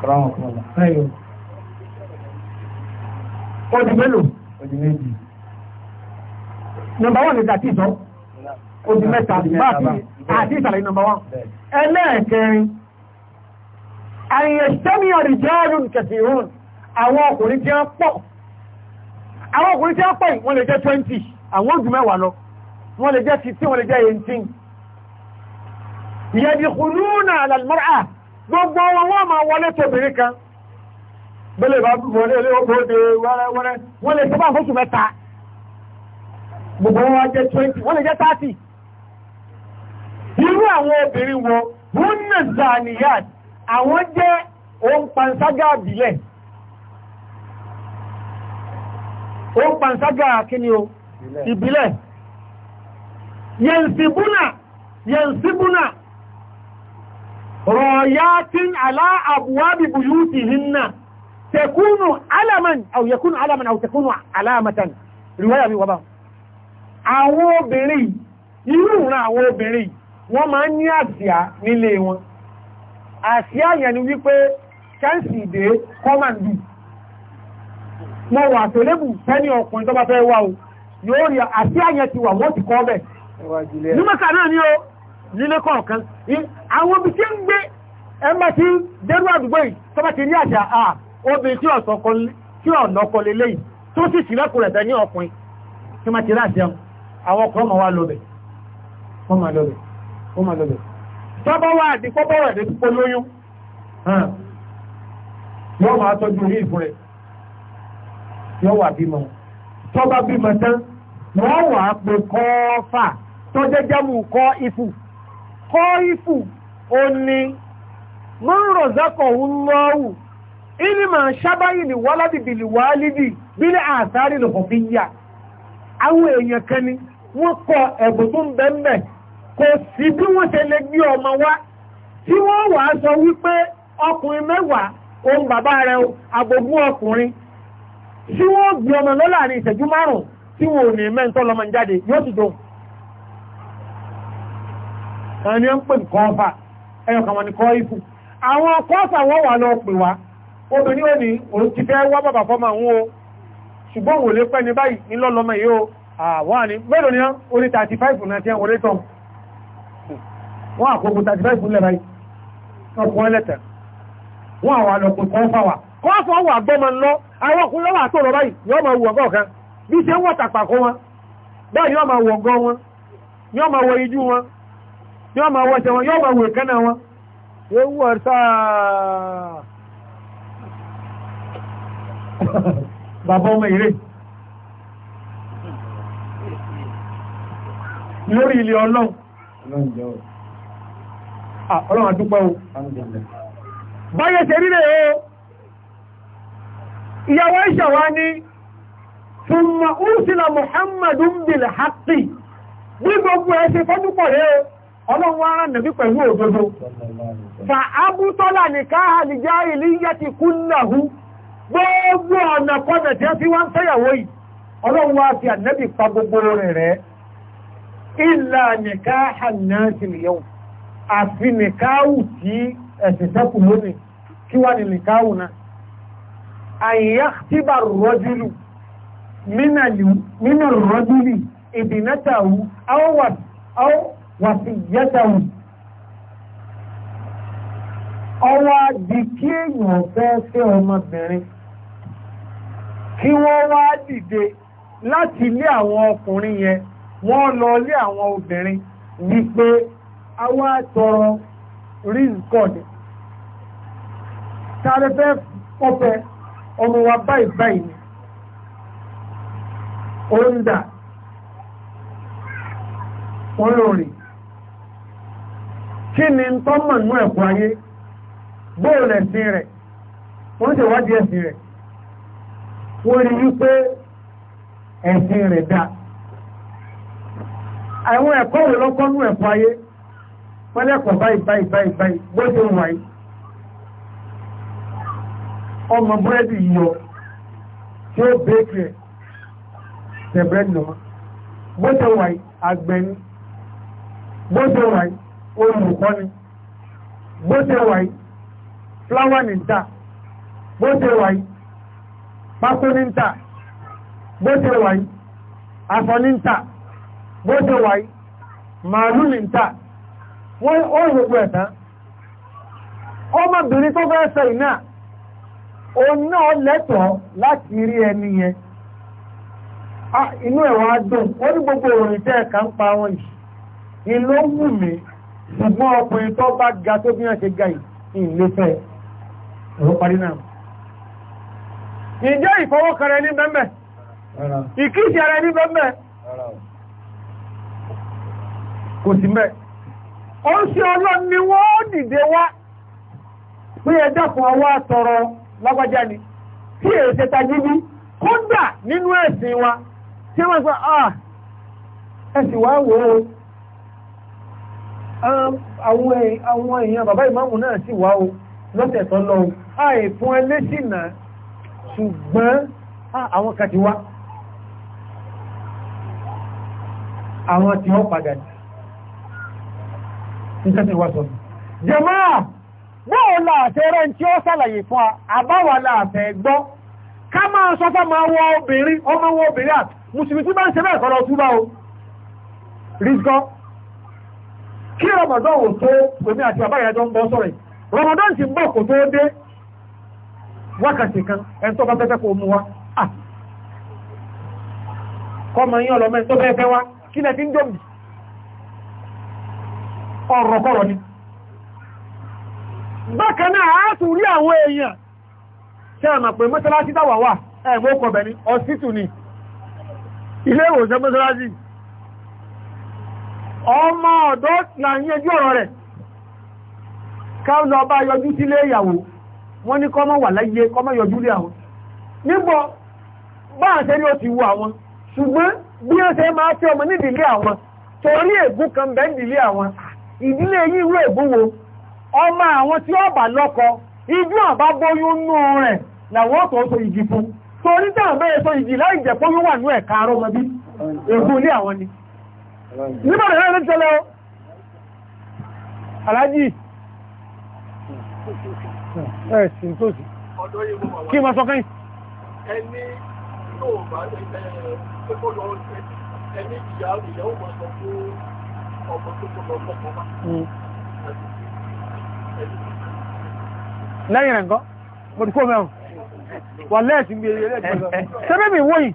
fún ọdún mélòó ọdún méjì nọmba wọn ni dàtí ìtọ́ ọdún mẹ́ta báàbí àti ìsàlẹ̀ nọmba wọn ẹlẹ́ẹ̀kẹrin àyẹ̀sẹ́mi ọ̀rìjọ́rùn kẹsìrún àwọn ọkùnrin tí wọ́n pọ̀ àwọn ọkùnrin tí wọ́n pọ̀ wọ́n lè jẹ́ twenty. àwọn ojú mẹ́wàá lọ wọ́n lè jẹ́ fifteen. wọ́n lè jẹ́ 18 yẹ̀dìkùnrún náà àlàlmọ́ra gbogbo wọn wọ́n máa wọlé tóbìnrin kan bẹ́lẹ̀ bá bọ̀ ní ilé ọgbọ̀ òde wẹ́rẹ́wẹ́rẹ́ wọ́n lè sọ́bà fóṣù mẹ́ta gbogbo wọn jẹ́ 20 wọ́n lè jẹ́ 30 irú àwọn obìnrin wọn wọ́n nà zaniyat àwọn jẹ́ ohun panṣágà àbílẹ̀ ohun panṣágà kíni o ìbílẹ̀ yẹnsibúnà yẹnsibúnà rọ̀yá tí alá àbúwábìbù yúùtì hinna تكون علما او يكون علما او تكون علامة رواية mi waba àwọn obìnrin yi ran àwọn obìnrin wọ́n máa ní àsíá nílé wọn àsíá yẹn ni wípé de kọmandu mo wà tó lebu tani ọkùnrin tó bá fẹ́ wá o yóò rí àsíá yẹn ti wà wọ́n ti kọ́ bẹ̀ ni mo kana ni o obìnrin tí ọ̀nà ọkọ̀ lélẹ́yìn tó sì sí lẹ́kùnrẹ̀ tẹ́ ní ọkùnrin tí ma ti rà jẹun àwọn ọkọ̀ ọmọ wa lọ́bẹ̀ wọ́n ma lọ́bẹ̀ wọ́n ma lọ́bẹ̀ tọ́bọ́ wà àti pọ́pọ́ rẹ̀ ní pípọ́ lóyún yọ́ máa tọ́jú orí ìfún rẹ̀ yọ́ wà bímọ tọ́bá bímọ tán wọ́n wà pé kọ́ fà tọ́jẹ́jẹ́mù kọ́ ifù kọ́ ifù ó ní mọ́rọ̀ zákọ̀ ń lọ́wù ini ma ṣábáyì ni wáládì bí lè wálídì àtàrí fi yà àwọn èèyàn kan ni wọ́n kọ ẹ̀bùn tó ń bẹ́ẹ̀mẹ̀ kò sí bí wọ́n ṣe lè gbé ọmọ wá tí wọ́n wà á sọ wípé ọkùnrin mẹ́wàá ohun bàbá rẹ̀ abogún ọkùnrin tí wọ́n gbé ọmọ lọ́la ní ìṣẹ́jú márùn-ún tí wọ́n ò ní mẹ́ntọ́ lọ́mọ jáde yóò ti dùn ẹni ń ni kọ́ obìnrin ò ní òun ti fẹ́ wá bàbà fọ́mà òun o ṣùgbọ́n wò lè pẹ́ ní báyìí ní lọ́lọ́mọ yìí o àwọ́ àní mẹ́rin ní orí 35 náà tí wọ́n lé tán wọ́n àkókò 35 lẹ́ra yìí ọkùnrin lẹ́tẹ̀ wọ́n àwọn alọ́kùn kan fà wà kọ́ fọ́ wà gbọ́mọ lọ àwọn ọkùnrin lọ́wọ́ àtọ̀rọ̀ báyìí yọ́ máa wù ọgọ́ kan bí ṣe ń wọ́ tàpà kó wọn bẹ́ẹ̀ yọ́ máa wọ ọgọ́ wọn yọ́ máa wọ ijú wọn yọ́ máa wọ ẹsẹ̀ wọn yọ́ bàbá ọmọ ìrè lórí ilé ọlọ́run ọlọ́run àdúpẹ́ o báyẹ̀ ṣe rílẹ̀ o ìyàwó ìṣàwá ní thumma ursila Muhammadun bil haqqi bí gbogbo ẹ̀ṣẹ́ fọ́dúpọ̀ rẹ̀ o ọlọ́run ara nàbí pẹ̀lú òdodo fa abútọ́lá nìkáhà nìjá ìlú yẹ́ ti kúnnàhú gbogbo ọ̀nà kọ́nà tí a fi wá ń fẹ́yàwó yìí ọlọ́run wá fi ànẹ́bì pa gbogbo rẹ̀ rẹ̀ ìlà nìká hànáàtì lèyàn àfi nìkáwù tí ẹ̀sìn sẹ́kù lónìí kí wá ní nìkáwù náà àyíyá tíbà rọ́júlù mínà rọ́júlì ìdínátàwù àwọ̀wàsíyátàwù ọwọ́ adìkí èèyàn fẹ́ fẹ́ ọmọbìnrin kí wọ́n wá dìde láti lé àwọn ọkùnrin yẹn wọ́n lọ lé àwọn obìnrin wípé awá tọrọ rizgod tàbí fẹ́ pọ́pẹ́ ọmọ wa báyìí báyìí ni ó ń dà wọ́n kí ni tọ́mọ̀ nú ẹ̀kọ́ ayé bóòlẹ̀ sí rẹ̀ wọ́n ṣèwádìí ẹ̀sìn rẹ̀ wọ́n rí wípé ẹ̀sìn rẹ̀ dáa àwọn ẹ̀kọ́ rẹ̀ lọ́kọ́nú ẹ̀kọ́ ayé pẹ́lẹ́kọ̀ báyìí báyìí báyìí báyìí bóde ń wáyé ọmọ búrẹ́dì yíyọ tí ó bẹ́ẹ̀kì rẹ̀ tẹ̀bẹ́ẹ̀dì náà bóde ń wáyé àgbẹ̀ni bóde ń wáyé olùkọ́ni bóde ń wáyé fúláwà nìta bóde ń wáyé pákó ní ń bó ṣe wà yìí aṣọ ní ń bó ṣe wà yìí màálù ní ń wọ́n ó gbogbo ẹ̀ ọmọbìnrin tó gbogbo òrìn tẹ́ ẹ̀ka ń pa wọn yìí ìlú wù mí ṣùgbọ́n ọkùnrin tó bá ga tó bí wọ́n ga yìí ẹ̀rọ parí ìjẹ́ ìfọwọ́kẹrẹ ní bẹ́m̀bẹ̀ ìkíṣì ara ní bẹ́m̀bẹ̀ kò sí mẹ́ ó ń ṣe ọlọ́n ni wọ́n dìde wá pé ẹjọ́ fún ọwọ́ àtọrọ lágbàjá ni tí èrè ṣe tajíbí kódà nínú ẹ̀sìn wa tí wọ́n sọ ah ẹ̀sìn wa wò ó ah, àwọn èèyàn bàbá ìmáàmù náà sì wá o àìfún ẹlẹ́sìn náà ṣùgbọ́n àwọn kan wá àwọn tí wọ́n padà nǹkan tí wá sọ jẹmọ́ wọ́n láàfẹ́ tí ó sàlàyé fún àbáwà láàfẹ́ gbọ́ ká máa sọ fẹ́ máa wọ obìnrin ọmọ wọ obìnrin àti musulmi tí bá ń se bẹ́ẹ̀ kọ́lọ túbá o rígọ́ kí Ramadan ò tó àti àbáyàjọ ń bọ́ Ramadan ti kò tó dé wákàtí kan ẹni tó bá wa kọmọ kọma ọlọmọ ẹni tó fẹ́ fẹ́ kí lẹ ń ọ̀rọ̀kọ̀rọ̀ ni bákan a tún rí àwọn èèyàn tí a mọ̀ pé mọ́sálásí dáwà wà ẹ̀mọ́ kọ̀bẹ̀ ni ọ̀sítù ni ilé ìwòsàn mọ́sálásí ọmọ ọ̀dọ́ ọ̀rọ̀ wọ́n ní kọ́mọ́ wà láyé kọ́mọ́ yọjú lé àwọn nígbọ́ bá àṣẹ ni ó ti wù àwọn ṣùgbọ́n bí ó ṣe máa fẹ́ ọmọ nídìílé àwọn torí ègún kan bẹ́ndìílé àwọn ìdílé yìí rú ègún wo ọmọ àwọn tí ó bà lọ́kọ ijú àbá bóyún nú rẹ̀ làwọn tó so ìjì fún torí táwọn bẹ́ẹ̀ so ìjì láì jẹ́ bóyún wà nú ẹ̀ka arọ́ wọn bí ẹ̀ sì ń tòsí. kí n máa sọ kẹ́yìn. ẹni yóò bá ṣe kó lọ ẹni ìyá ìyàwó máa sọ fún ọmọ tó kó lọ lọ́kọ̀ọ́ hmm. bá. lẹ́yìn rẹ̀ ń kọ́ mo ti kó mẹ́rùn wà lẹ́ẹ̀sì gbé eré ẹgbẹ̀rún sẹ́bẹ̀mì wọ́yìn.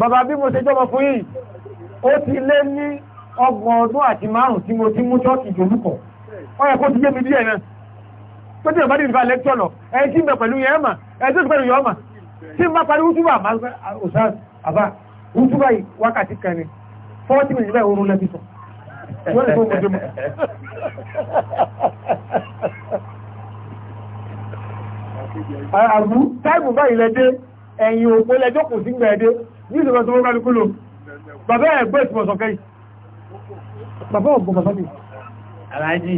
Bàbá bí mo ṣe jọmọ fún yìí, ó ti lé ní ọgbọ̀n ọdún àti márùn-ún tí mo ti mú ṣọ́ọ̀kì ìjòlúkọ̀. Ó yẹ kó ti yé mi díẹ̀ náà. Tó tí ìbá dìbà lẹ́kṣọ́ lọ, ẹni tí mẹ pẹ̀lú yẹn mà, ẹni tó ti pẹ̀lú yọ mà. Tí n bá parí wútúbà, àbá, wútúbà yìí wákàtí kan ni, fọ́ọ̀tì mi níbẹ̀ àbú táìmù báyìí lẹ́dé ẹ̀yìn òpó lẹ́jọ́ kò sí gbẹ̀ẹ́dé ní ìṣòro tó wọ́n kálukú lò bàbá ẹ̀gbẹ́ ìtumọ̀sọ̀ kẹ́ bàbá ọ̀gbọ̀n bàbá mi aláàjì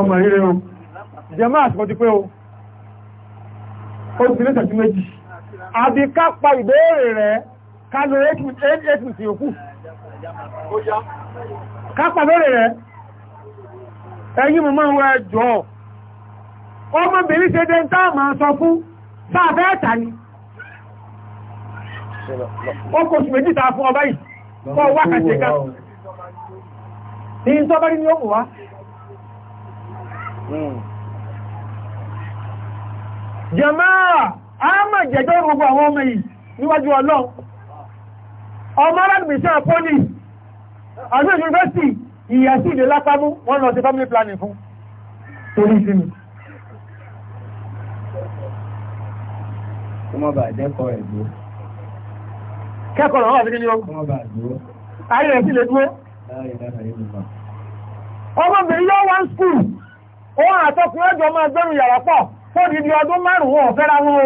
ọmọ ìrẹ o jẹmọ́ àsìkò ti pé o ó ti lé tàbí méjì àbí ká pa ìbéèrè rẹ̀ ká lọ 8 minutes yòókù ó yá kápá bẹ́rẹ̀ rẹ̀ ẹ̀yí mọ̀ máa ń wọ ẹjọ́ ọmọbìnrin ṣe dé ń tá máa sọ fún sáàbẹ́ ẹ̀ta ni ó kò sùn méjì tàà fún ọba yìí kọ́ wákàtí ká ní tọ́bá ní ó mú wá jẹmáà a máa jẹjọ́ gbogbo àwọn ọmọ yìí níwájú ọlọ́ ọmọ alágbèsẹ́ pọ́lìsì àmì yunifásitì ìyà sí ìdè lápámú wọ́n lọ sí family planning fún torí sí mi. kọ́mọ bá dẹ́kọ̀ọ́ ẹ̀ dúró. kẹ́kọ̀ọ́ lọ́wọ́ àti kí ni ó. kọ́mọ bá dúró. ayé rẹ̀ sì lè dúró. ọmọbìnrin yóò wá skul òun àtọkùnrin ẹjọ máa gbẹrù yàrá pọ̀ fóònù ibi ọdún márùn-ún ọ̀fẹ́ra wọn o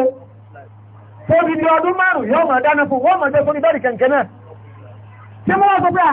fóònù ibi ọdún márùn-ún yóò máa dáná fún wọn máa jẹ fóònù bẹ́ẹ̀ kẹ̀kẹ́ náà. ṣé mo wá sọ pé à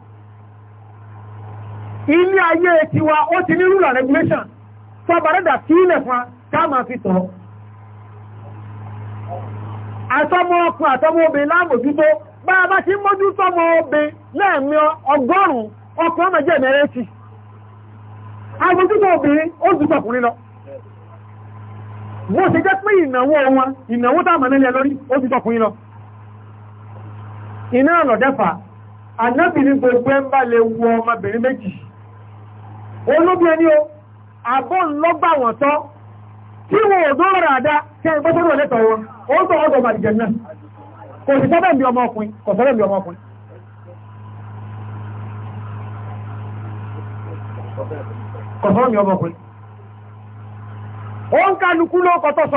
ilé ayé tiwa ó ti ní rule and regulation fọ́bàrẹ́dà sílẹ̀ fún káàmà fi tọ́ àtọ́mọ́ ọkùn àtọ́mọ́ obìn láàmójútó bá a bá ti mójú tọ́mọ́ obìn lẹ́ẹ̀mí ọgọ́rùn-ún ọkùn ọmọ mẹ́rẹ́ sí àmójútó olóbi ẹni o àbọ̀ ńlọ́gbà wọ̀n tọ́ tí wọn ò dọ́rọ̀ àdá tẹ́ ẹgbẹ́ lẹ́tọ̀ wọn ó sọ ọdọ̀ màdìjẹ̀ náà kò sì sọ́bẹ̀ mi ọmọ kò sọ́bẹ̀ mi ọmọ kò sọ́bẹ̀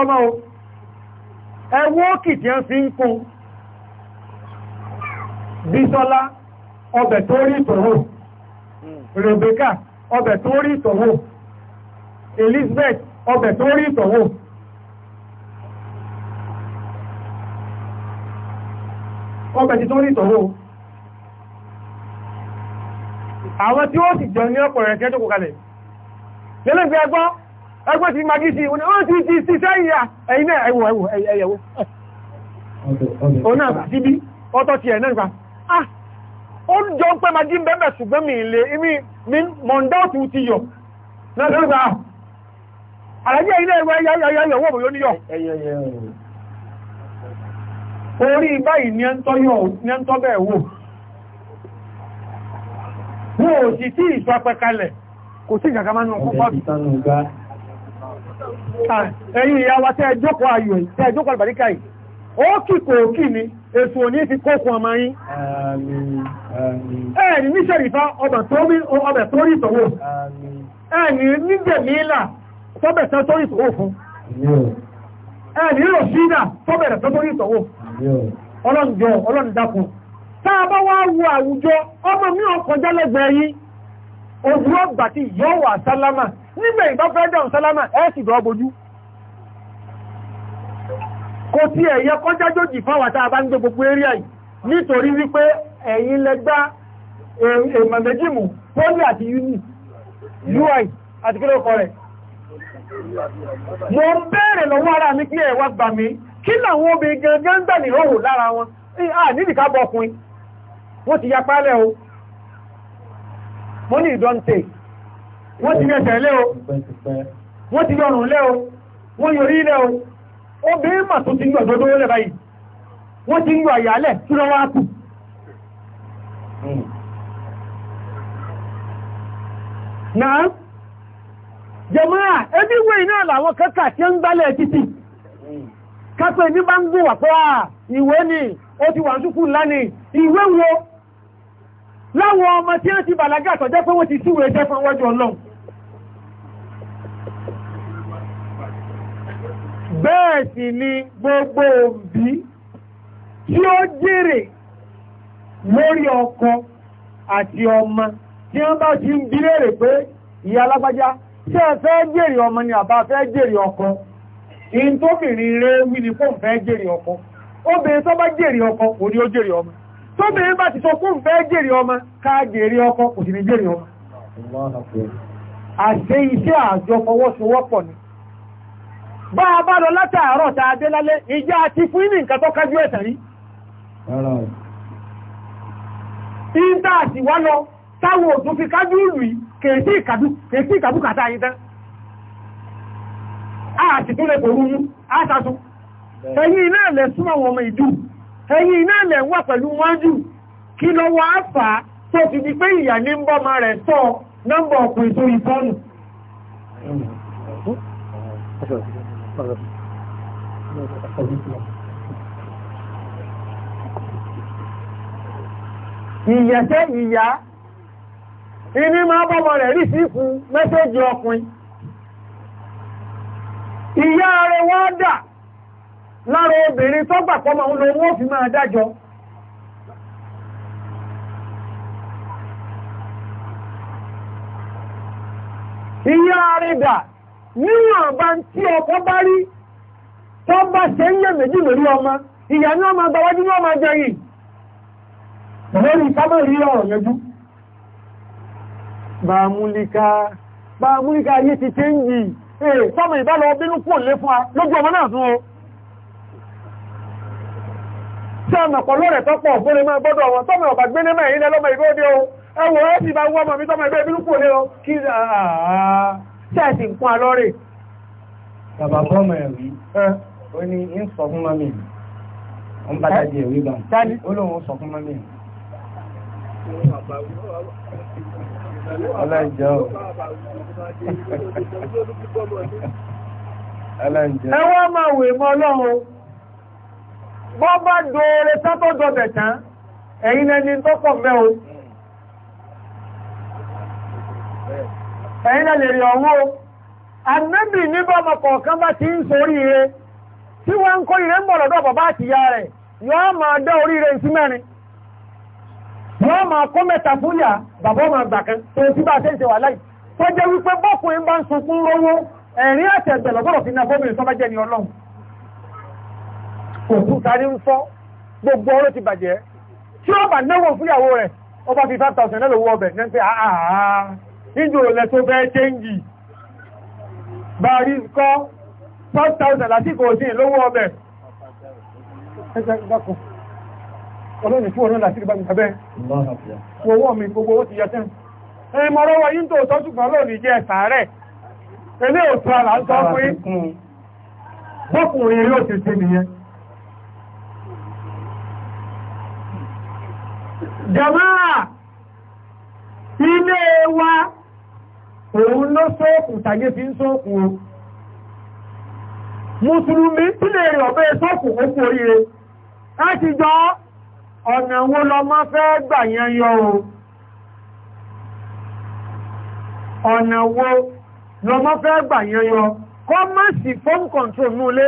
mi ó ń o kìtì fi ń Bísọ́lá ọbẹ̀ tó ọbẹ̀ tó rí ìtọ̀wò Elizabeth ọbẹ̀ tó rí ìtọ̀wò ọbẹ̀ tí tó rí ìtọ̀wò àwọn tí ó sì jẹun ní ọ̀pọ̀ rẹ̀ kẹ́tò kò kalẹ̀ lẹ́lẹ́gbẹ́ ẹgbọ́n ẹgbẹ́ ti magi sí ìwọ̀n ó ti ti sí sẹ́yìnyà ẹ̀yìn náà ẹwọ ẹwọ ọ̀nà àti bí ọtọ́ ti ẹ̀ náà ó ń jọ ń pẹ́ máa jí bẹ́bẹ̀ ṣùgbọ́n mi lè mi mọ̀ndá òtù ti yọ̀ lọ́dọ́gbà àlàjẹ́ ilé ẹgbẹ́ yáyáyáyọ̀wọ̀ bò yóò níyọ̀ orí báyìí ní ẹ́ ń tọ́ bẹ́ẹ̀ wò wọ́n ò sì tí ìṣọ́ apẹ́kalẹ̀ kò sí ìjàkà máa nù ọkùnkọ́ ó kíkò òkí ni èsù òní fi kókùn ọmọ yín ní ṣẹ̀rìfá ọbẹ̀ tó rí ìtọ̀wò ẹ̀ẹ̀ni nígbẹ̀mílà tọ́bẹ̀ tẹ́ tó rí ìtọ̀wò fún ẹ̀ẹ̀ni rọ̀ṣídà tọ́bẹ̀ tẹ́ tó rí ìtọ̀wò ọlọ́njọ́ wá àwùjọ ọmọ mi yín wà sálámà nígbẹ̀ dáhùn sálámà ẹ̀ sì dọ́ kò tí ẹ̀yẹ kọjá jòjì fáwà tá a bá ń gbé gbogbo eré àyí nítorí wípé ẹ̀yin lẹ́gbá èèmọ̀ méjì mú poli àti uni ui àti kí ló kọ rẹ̀ mo ń bẹ̀rẹ̀ lọ́wọ́ ara mi kí ẹ̀wà gbà mí kí làwọn obìnrin gangan gbà ní òwò lára wọn à wọ́n ti yapa lẹ́ o wọ́n ti ní lẹ́ o wọ́n yorí lẹ́ o obìnrin mà tó ti ń gbà gbogbo lẹ̀ báyìí wọ́n ti ń gbà àyálẹ̀ tí wọ́n wá kù hmm. náà jẹmọ́ra everywhere iná làwọn kẹ́kà tí ó ń gbálẹ̀ títì hmm. kápẹ́ ní bá ń gbò wà à ìwé ni ó ti wà ń súnkú láni ìwé wo láwọn ọmọ tí ó ti bàlágà tọ́jẹ́ pé wọ́n ti síwèé jẹ́ fún ọwọ́jọ́ ọlọ́run bẹ́ẹ̀ sì ni gbogbo òbí tí ó jèrè lórí ọkọ àti ọmọ tí wọ́n bá ti ń bí pé ìyá alágbájá tí fẹ́ jèrè ọmọ ni àbá fẹ́ jèrè ọkọ in tó bìnrin rẹ̀ wí ni fóun fẹ́ jèrè ọkọ obìnrin tó bá jèrè ọkọ kò ní ó jèrè ọmọ tó bìnrin bá ti sọ fóun fẹ́ ọkọ ni bá a bá lọ látàárọ̀ tàà dé lálẹ́ ìjá àti fún ìní nǹkan tó kájú ẹ̀tàn rí ìdá àti wá fi kájú rí kèèsí ìkàbùkàtà yìí tán a ti tún lè pòrú mú átàtù ẹ̀yìn iná ẹ̀lẹ̀ súnmọ̀ wọn ọmọ ìdú ẹ̀yìn iná ẹ̀lẹ̀ wà pẹ̀lú kí lọ fà á tó di pé ìyà ní ìyẹ̀ṣẹ́ ìyá iní máa bọ́mọ̀ rẹ̀ rí sí fún mẹ́sẹ́jì ọkùnrin ìyá rẹ̀ wọ́n dà lára obìnrin tó gbà ma ń lo wọ́n fi níwọ̀n bá ń tí ọkọ bá rí tó bá ṣe ń yẹ méjì lórí ọmọ ìyá ní ọmọ agbáwájú ní ọmọ ajẹ́ yìí lórí sábà rí ọ̀rọ̀ yẹjú bàmúlíkà bàmúlíkà ayé ti ṣe ń yìí èè sọ́mọ̀ ìbálọ̀ ọbínú kò lé fún a lójú ọmọ náà fún o tí ọmọ pọ̀lọ́ rẹ̀ tọ́pọ̀ fún ẹwọ̀ ẹ́ ti bá wọ́mọ̀ mi tọ́mọ̀ ẹgbẹ́ ìbínú kò lé o kí àà tẹ́ẹ̀sì fún alọ́rẹ̀. bàbá bọ́ọ̀mọ̀ ẹ̀rí ó ní ń sọ fún mọ́mí ń bá dájú ẹ̀rí bá ó lóun sọ fún mọ́mí. ọlọ́njẹ́ o ọlọ́njẹ́. ẹ wá máa wè mọ́ ọlọ́run bọ́ bá doore sátọ́jọ́ bẹ̀ tán ẹ̀yin lẹni tó pọ̀ mẹ́ o. ẹ̀yìn náà lè rí ọwọ́ ànábì níbọ̀ ọmọkọ̀ọ̀kan bá ti ń sorí ire tí wọ́n ń ire ń bọ̀ lọ́dọ̀ ya àtìyá rẹ̀ yóò máa dá oríire sí mẹ́rin yóò máa kó mẹ́ta fúnyà bàbá ọmọ àgbàkan tí ó náwó rẹ̀ ó bá fi 5000 ọbẹ̀ ah, ah, ah. níjò lẹ tó fẹ́ ṣéǹjì bàrí kọ́ 5,000 lásìkò òsìn lówó ọbẹ̀ ọlọ́ni fún ọ̀nà láti bá tàbẹ́ owó mi gbogbo ti yẹ tán ẹni mọ́rọ́wọ́ yí tó tọ́jú kan lónìí jẹ́ sàárẹ̀ ilé ilé wa òun ló sóòkùn tàyé fi ń sóòkùn o musulumi tí lè rí ọ̀bẹ́ sóòkùn ókú oríire láti jọ ọ̀nà wo lọ mọ́ fẹ́ gbà yẹn yọ o ọ̀nà wo lọ mọ́ fẹ́ gbà yẹn yọ kọ́ mọ́ sí phone control núlé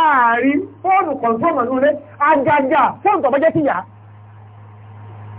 ààrí fóònù control mọ̀ núlé ajaja fóònù tọ́bọ́jẹ́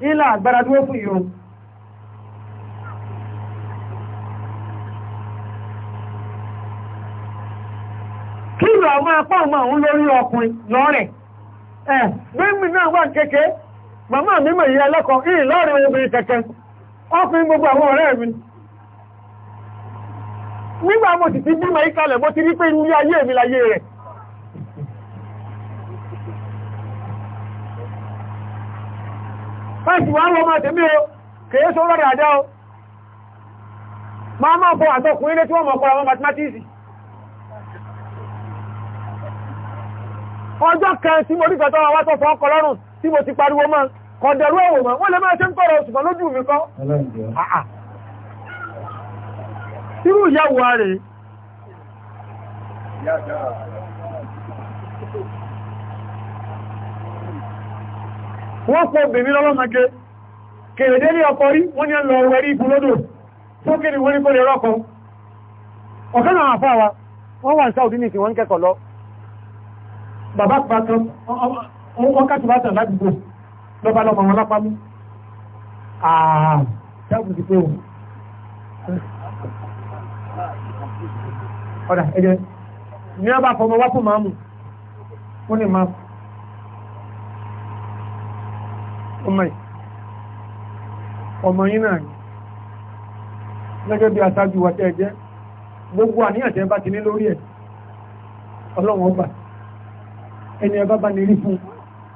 ilá àgbára dúró fún yóò kí ìlú àwọn apá ọmọ òun lórí ọkùnrin lọ́rẹ̀ ẹ̀ gbẹ́mì náà wà kéèké màmá mi mọ̀ ìyá lọ́kọ̀ ìyìn lọ́rẹ̀ obìnrin kẹ̀kẹ́ ọkùnrin gbogbo àwọn ọ̀rẹ́ mi nígbà mo sì ti bí ìkàlẹ̀ mo ti fẹ́sì wà ń wọ́n máa tèmi o kèye sọ rọrọ̀ àdá o máa máa bọ àtọkùnrin lé tí wọ́n mọ̀ pọ̀ àwọn mathematics ọjọ́ kan tí mo ríkọ̀ tọ́wọ́ wá tọ́fọ́ ọkọ̀ lọ́rùn tí mo ti pariwo mọ́ kọ̀dẹ̀rú ẹ̀wò mọ́ wọ́n lè máa ṣe ń kọ́rọ̀ ṣùgbọ́n lójú mi kọ́ wọ́n kó obìnrin lọ́lọ́mọdé kèrèdé ní ọkọ̀ rí wọ́n ní lọ wẹ̀rí ikú lódò tó kèrè wọ́n ní kó lè rọ́kọ ọ̀kan náà àfá wa wọ́n wà ní Saudi ní ìsìn wọ́n kẹ́kọ̀ọ́ lọ bàbá pàtàkì wọ́n kàtù bá tàn láti gbò lọ́bá lọ́mọ wọn lápá mú àà ní ọba fọmọ wápù máa mú ó ní máa ọmọ yìí ọmọ yìí náà gẹ́gẹ́ bí aṣáájú wa tẹ́ jẹ́ gbogbo àníyàn tẹ́ bá ti ní lórí ẹ̀ ọlọ́run ọba ẹni ẹ bá bá ní rí fún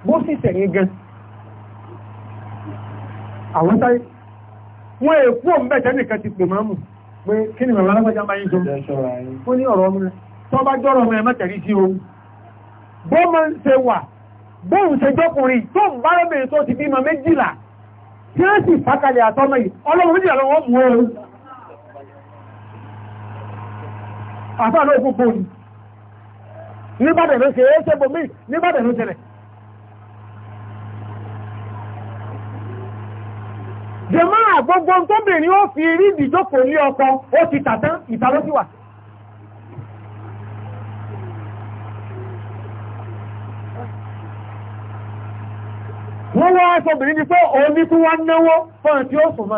bó sì tẹ̀yìn gan àwọn táyé wọ́n èkú òmìnbẹ̀tẹ́ nìkan ti pè máàmù pé kí ni màmá alágbàjá máa yí jọ bóhùn ṣe jọ́kùnrin tó ń bá rẹ́bìnrin tó ti bímọ méjìlá tí ó sì fàkalẹ̀ àtọ́mọ̀ yìí ọlọ́mọ méjìlá lọ́wọ́ mú oòrùn àfáà náà gbogbo ni nígbàdẹ̀ ló ṣe é ṣe bomi nígbàdẹ̀ ló ṣẹlẹ̀ jẹ́mọ́ àgbogbo tó bèèrè ó fi rí ìdíjókòó lé ọkọ ó ti tàtán ìtàlósíwà wọ́n wá sọ́bìnrin ní pé òun ní kí náwó fọ́n tí ó sùn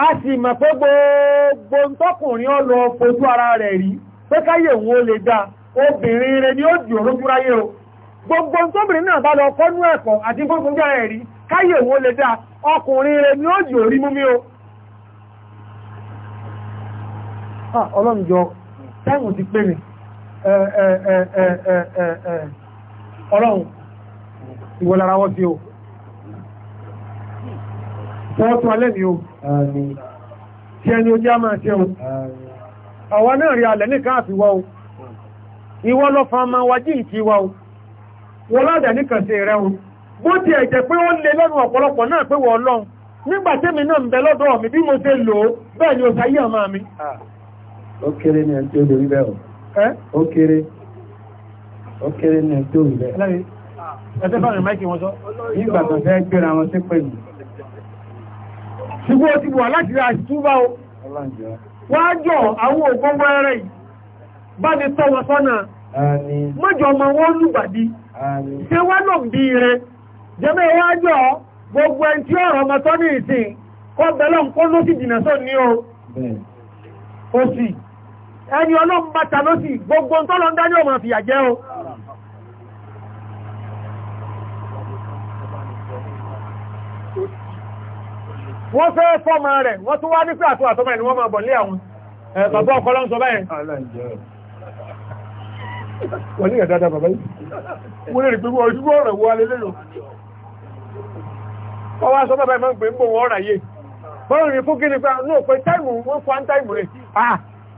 a sì mọ̀ pé gbogbo tọ́kùnrin ọlọ fojú ara rẹ̀ rí pé káyè wọn lè dá obìnrin rẹ̀ ni ó dì orógúnráyé o gbogbo tóbìnrin náà bá lọ kọ́nú ẹ̀kọ́ àti Ah, ọlọ́njọ́ táìmù ti pè ní eh, eh, eh, ọlọ́run ìwọ̀lára wọ́n ti o fọ́ọ̀tù alẹ́ o tí ẹni ojú a máa tẹ́ o àwọn náà rí alẹ́ ní káàfi wá o ìwọ́ lọ fa ma ìkí o wọ́n ládẹ̀ ní kàn sí rẹ̀ o bó ti ẹ̀jẹ̀ pé ó lè lọ́nu ọ̀pọ̀lọpọ̀ náà pé wọ́n náà ń bẹ lọ́dọ̀ mi bí mo se ni ó mi ah. ó kéré ní ẹni tó lórí bẹ́ẹ̀ o ó kéré ó kéré ní ẹni tó lórí bẹ́ẹ̀. ẹ̀tẹ́ bá rẹ̀ máìkì wọn sọ. nígbà tó fẹ́ gbéra wọn sí pẹ̀lú. ṣùgbọ́n ti wà láti ra àṣìtúbà o. wájọ àwọn òkú wẹ́rẹ́ yìí bá ní tọ́ wọn sọ́nà. mọ́jọ ọmọ wọn lùgbàdì. ṣé wá lọ bí rẹ jẹ́mẹ́ wájọ gbogbo ẹni tí ọ̀rọ̀ ọmọ tọ́ ní ìsìn kọ́ bẹ́lọ̀ ń kó ló sì dìnà sọ́ ní o. sì ẹni ọlọ́run bá ta ló sì gbogbo tọ́lọ ń dá ní ọmọ fìyà jẹ́ o wọ́n fẹ́ fọ́mọ rẹ̀ wọ́n tún wá ní pé àtọ́ àtọ́mọ ẹni wọ́n máa bọ̀ lé àwọn bàbá ọkọ lọ́n sọ báyẹn wọ́n ní ẹ̀dáadáa bàbá yìí wọ́n lè rí pé wọ́n ojú ọ̀rọ̀ wọ́n alẹ́ lẹ́yìn wọ́n wá sọ bàbá ìmọ̀ pé ń bò wọ́n ráyè bọ́ọ̀rùn ní fún kí ni pé táìmù wọ́n fún táìmù rẹ̀ ah,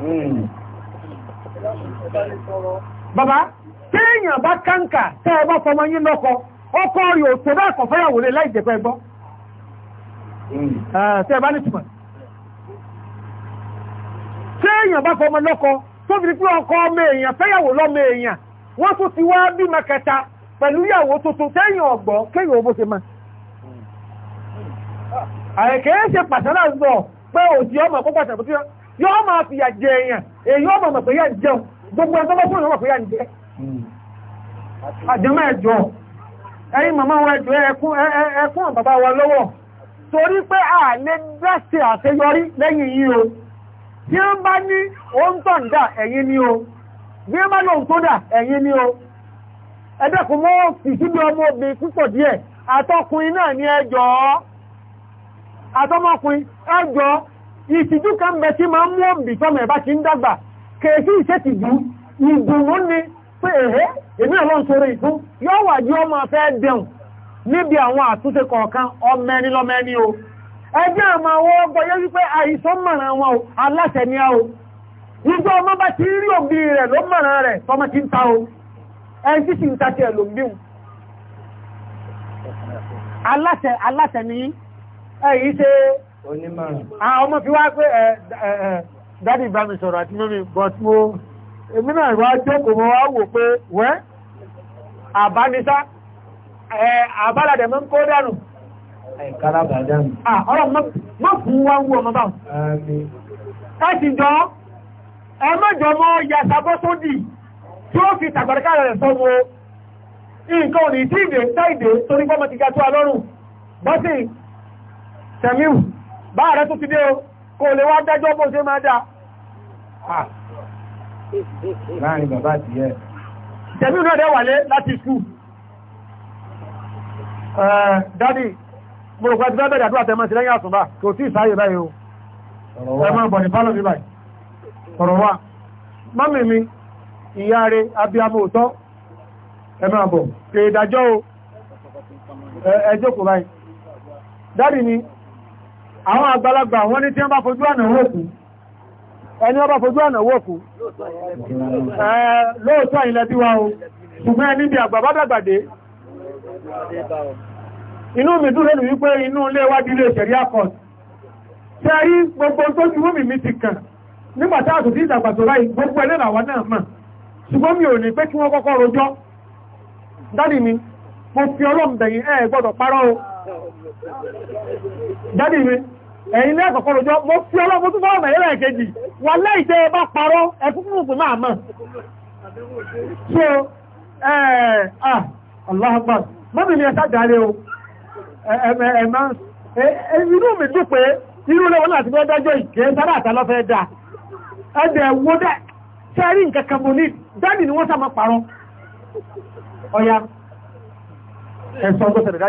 Hmm. bàbá kee bá káńkà tẹ́ bá fọmọ yín ọkọ rí òtò bá ẹ̀kọ́ fẹ́yàwó lè láì jẹ́ pẹ́ gbọ́ hmm. ah, tẹ́ ẹ bá ní túmọ̀ bá fọmọ tó fi pé ọkọ ọmọ èèyàn fẹ́yàwó kẹta pẹ̀lú yàwó tuntun yóò máa fìyà jẹ èèyàn èèyàn ọmọ ọmọ pé jẹun gbogbo ẹgbẹ́ fún ọmọ ya jẹ àjọmọ́ ma ẹ̀yìn màmá wọn ẹkún bàbá wọn lọ́wọ́ torí pé a lè dẹ́sẹ̀ àṣeyọrí lẹ́yìn yìí o ìtìjú kan bẹ tí máa mú òbí tọ́mọ ẹ̀bá ti ń dàgbà kèèkì iṣẹ́ ti jù ìdùnnú ni pé èhé èmi àwọn ìṣòro ìfún yóò wà jí ọmọ afẹ́ dẹ̀hùn níbi àwọn àtúnṣe kọ̀ọ̀kan ọmọ ẹni ẹni o ẹjẹ́ àmà àwọn ọgbọ̀ yẹ́ wípé àìsàn mọ̀ràn wọn o aláṣẹ ni a o ìjọ ọmọ bá ti rí òbí rẹ̀ ló mọ̀ràn rẹ̀ tọmọ ti ń ta o sì ń ta ló ń bí aláṣẹ aláṣẹ ni ẹ̀yí ṣe onímọ̀ràn. àwọn ah, ọmọ fi wá pé eh, eh, eh, dádì bá mi sọ̀rọ̀ àti mẹ́mi but mo èmi náà wá jókòó mo wá wò pé wẹ́ àbánisá àbálàdẹ̀ mọ́ ń kó dànù. ẹ̀kálábà dànù. Ah, ọ̀rọ̀ mọ́ fún wa ń wú ọmọ báwọn. ẹ sì jọ ẹ mọ́jọ mọ́ yàtàbọ́ sódì tí ó fi tàgbàdàkà rẹ̀ sọ́mọ nǹkan ò ní tí ìdè ń tá ìdè torí fọ́mọ ti ga tó alọ́rùn bọ́sìn tẹ̀míù bá rẹ̀ tó ti dé o kò lè wá dájọ́ bó ṣe máa dá láàrin bàbá ti yẹ tẹ̀mí náà rẹ̀ wà lé láti skú dádì mo rò pàtí bẹ́bẹ̀rẹ̀ àdúrà tẹ́mọ́ sí lẹ́yìn àsùnbà kò tí ìsáyè báyìí o ẹmọ́ bọ̀ ní pálọ̀ mi wa mọ́mì mi ìyá rẹ̀ abiyamọ òtọ́ ẹmọ́ ẹjọ́ kò báyìí dádì ni àwọn àgbàlagbà wọ́n ní tí wọ́n bá fojú ọ̀nà wókú ẹni ọba fojú ọ̀nà wókú lóòtọ́ ilẹ̀ tí wá o ṣùgbọ́n ẹni bí àgbàbádàgbàdé inú mi dúró lè wípé inú ilé wá dílé ìṣẹ̀rí àkọ́t tí a rí gbogbo tó ti wọ́n mi mi ti kàn nígbàtá àtò tí ìdàgbàtò ráì gbogbo ẹlẹ́nà àwọn mi ò ní pé kí wọ́n kọ́kọ́ dádì mi ẹ̀yin ní ẹ̀kọ̀kọ́ lójọ́ mo fi ọlọ́pọ̀ tó fọ́ọ̀mù ẹ̀yẹ́ lẹ́ẹ̀kejì wà lẹ́ìtẹ́ bá parọ́ ẹkún máa so aláàgbà mọ́bí ni ẹ̀sá jàre o ẹ̀mà inú mi dùn pé irú lẹ́wọ́n láti fẹ́ dájọ́ ìkẹ́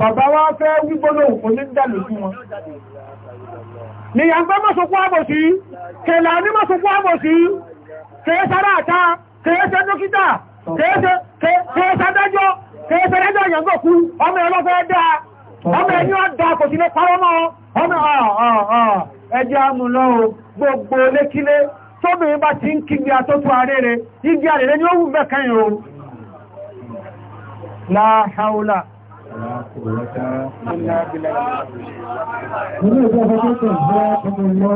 Bàbá wa fẹ́ wígbónà onídà lójú wọn. Ni a fẹ́ mọ́sùnkú àbòsí, kẹlà ní mọ́sùnkú àbòsí, kẹẹ àta, kẹẹ dókítà, kẹẹ sádájọ́, kẹẹ sẹ́dájọ́ ìyàngọ̀kú, ọmọ ẹlọ́fẹ́ dáa, ọmọ ẹni ọ̀dà kò sí ọmọ ẹjẹ́ لا حول ولا قوة إلا بالله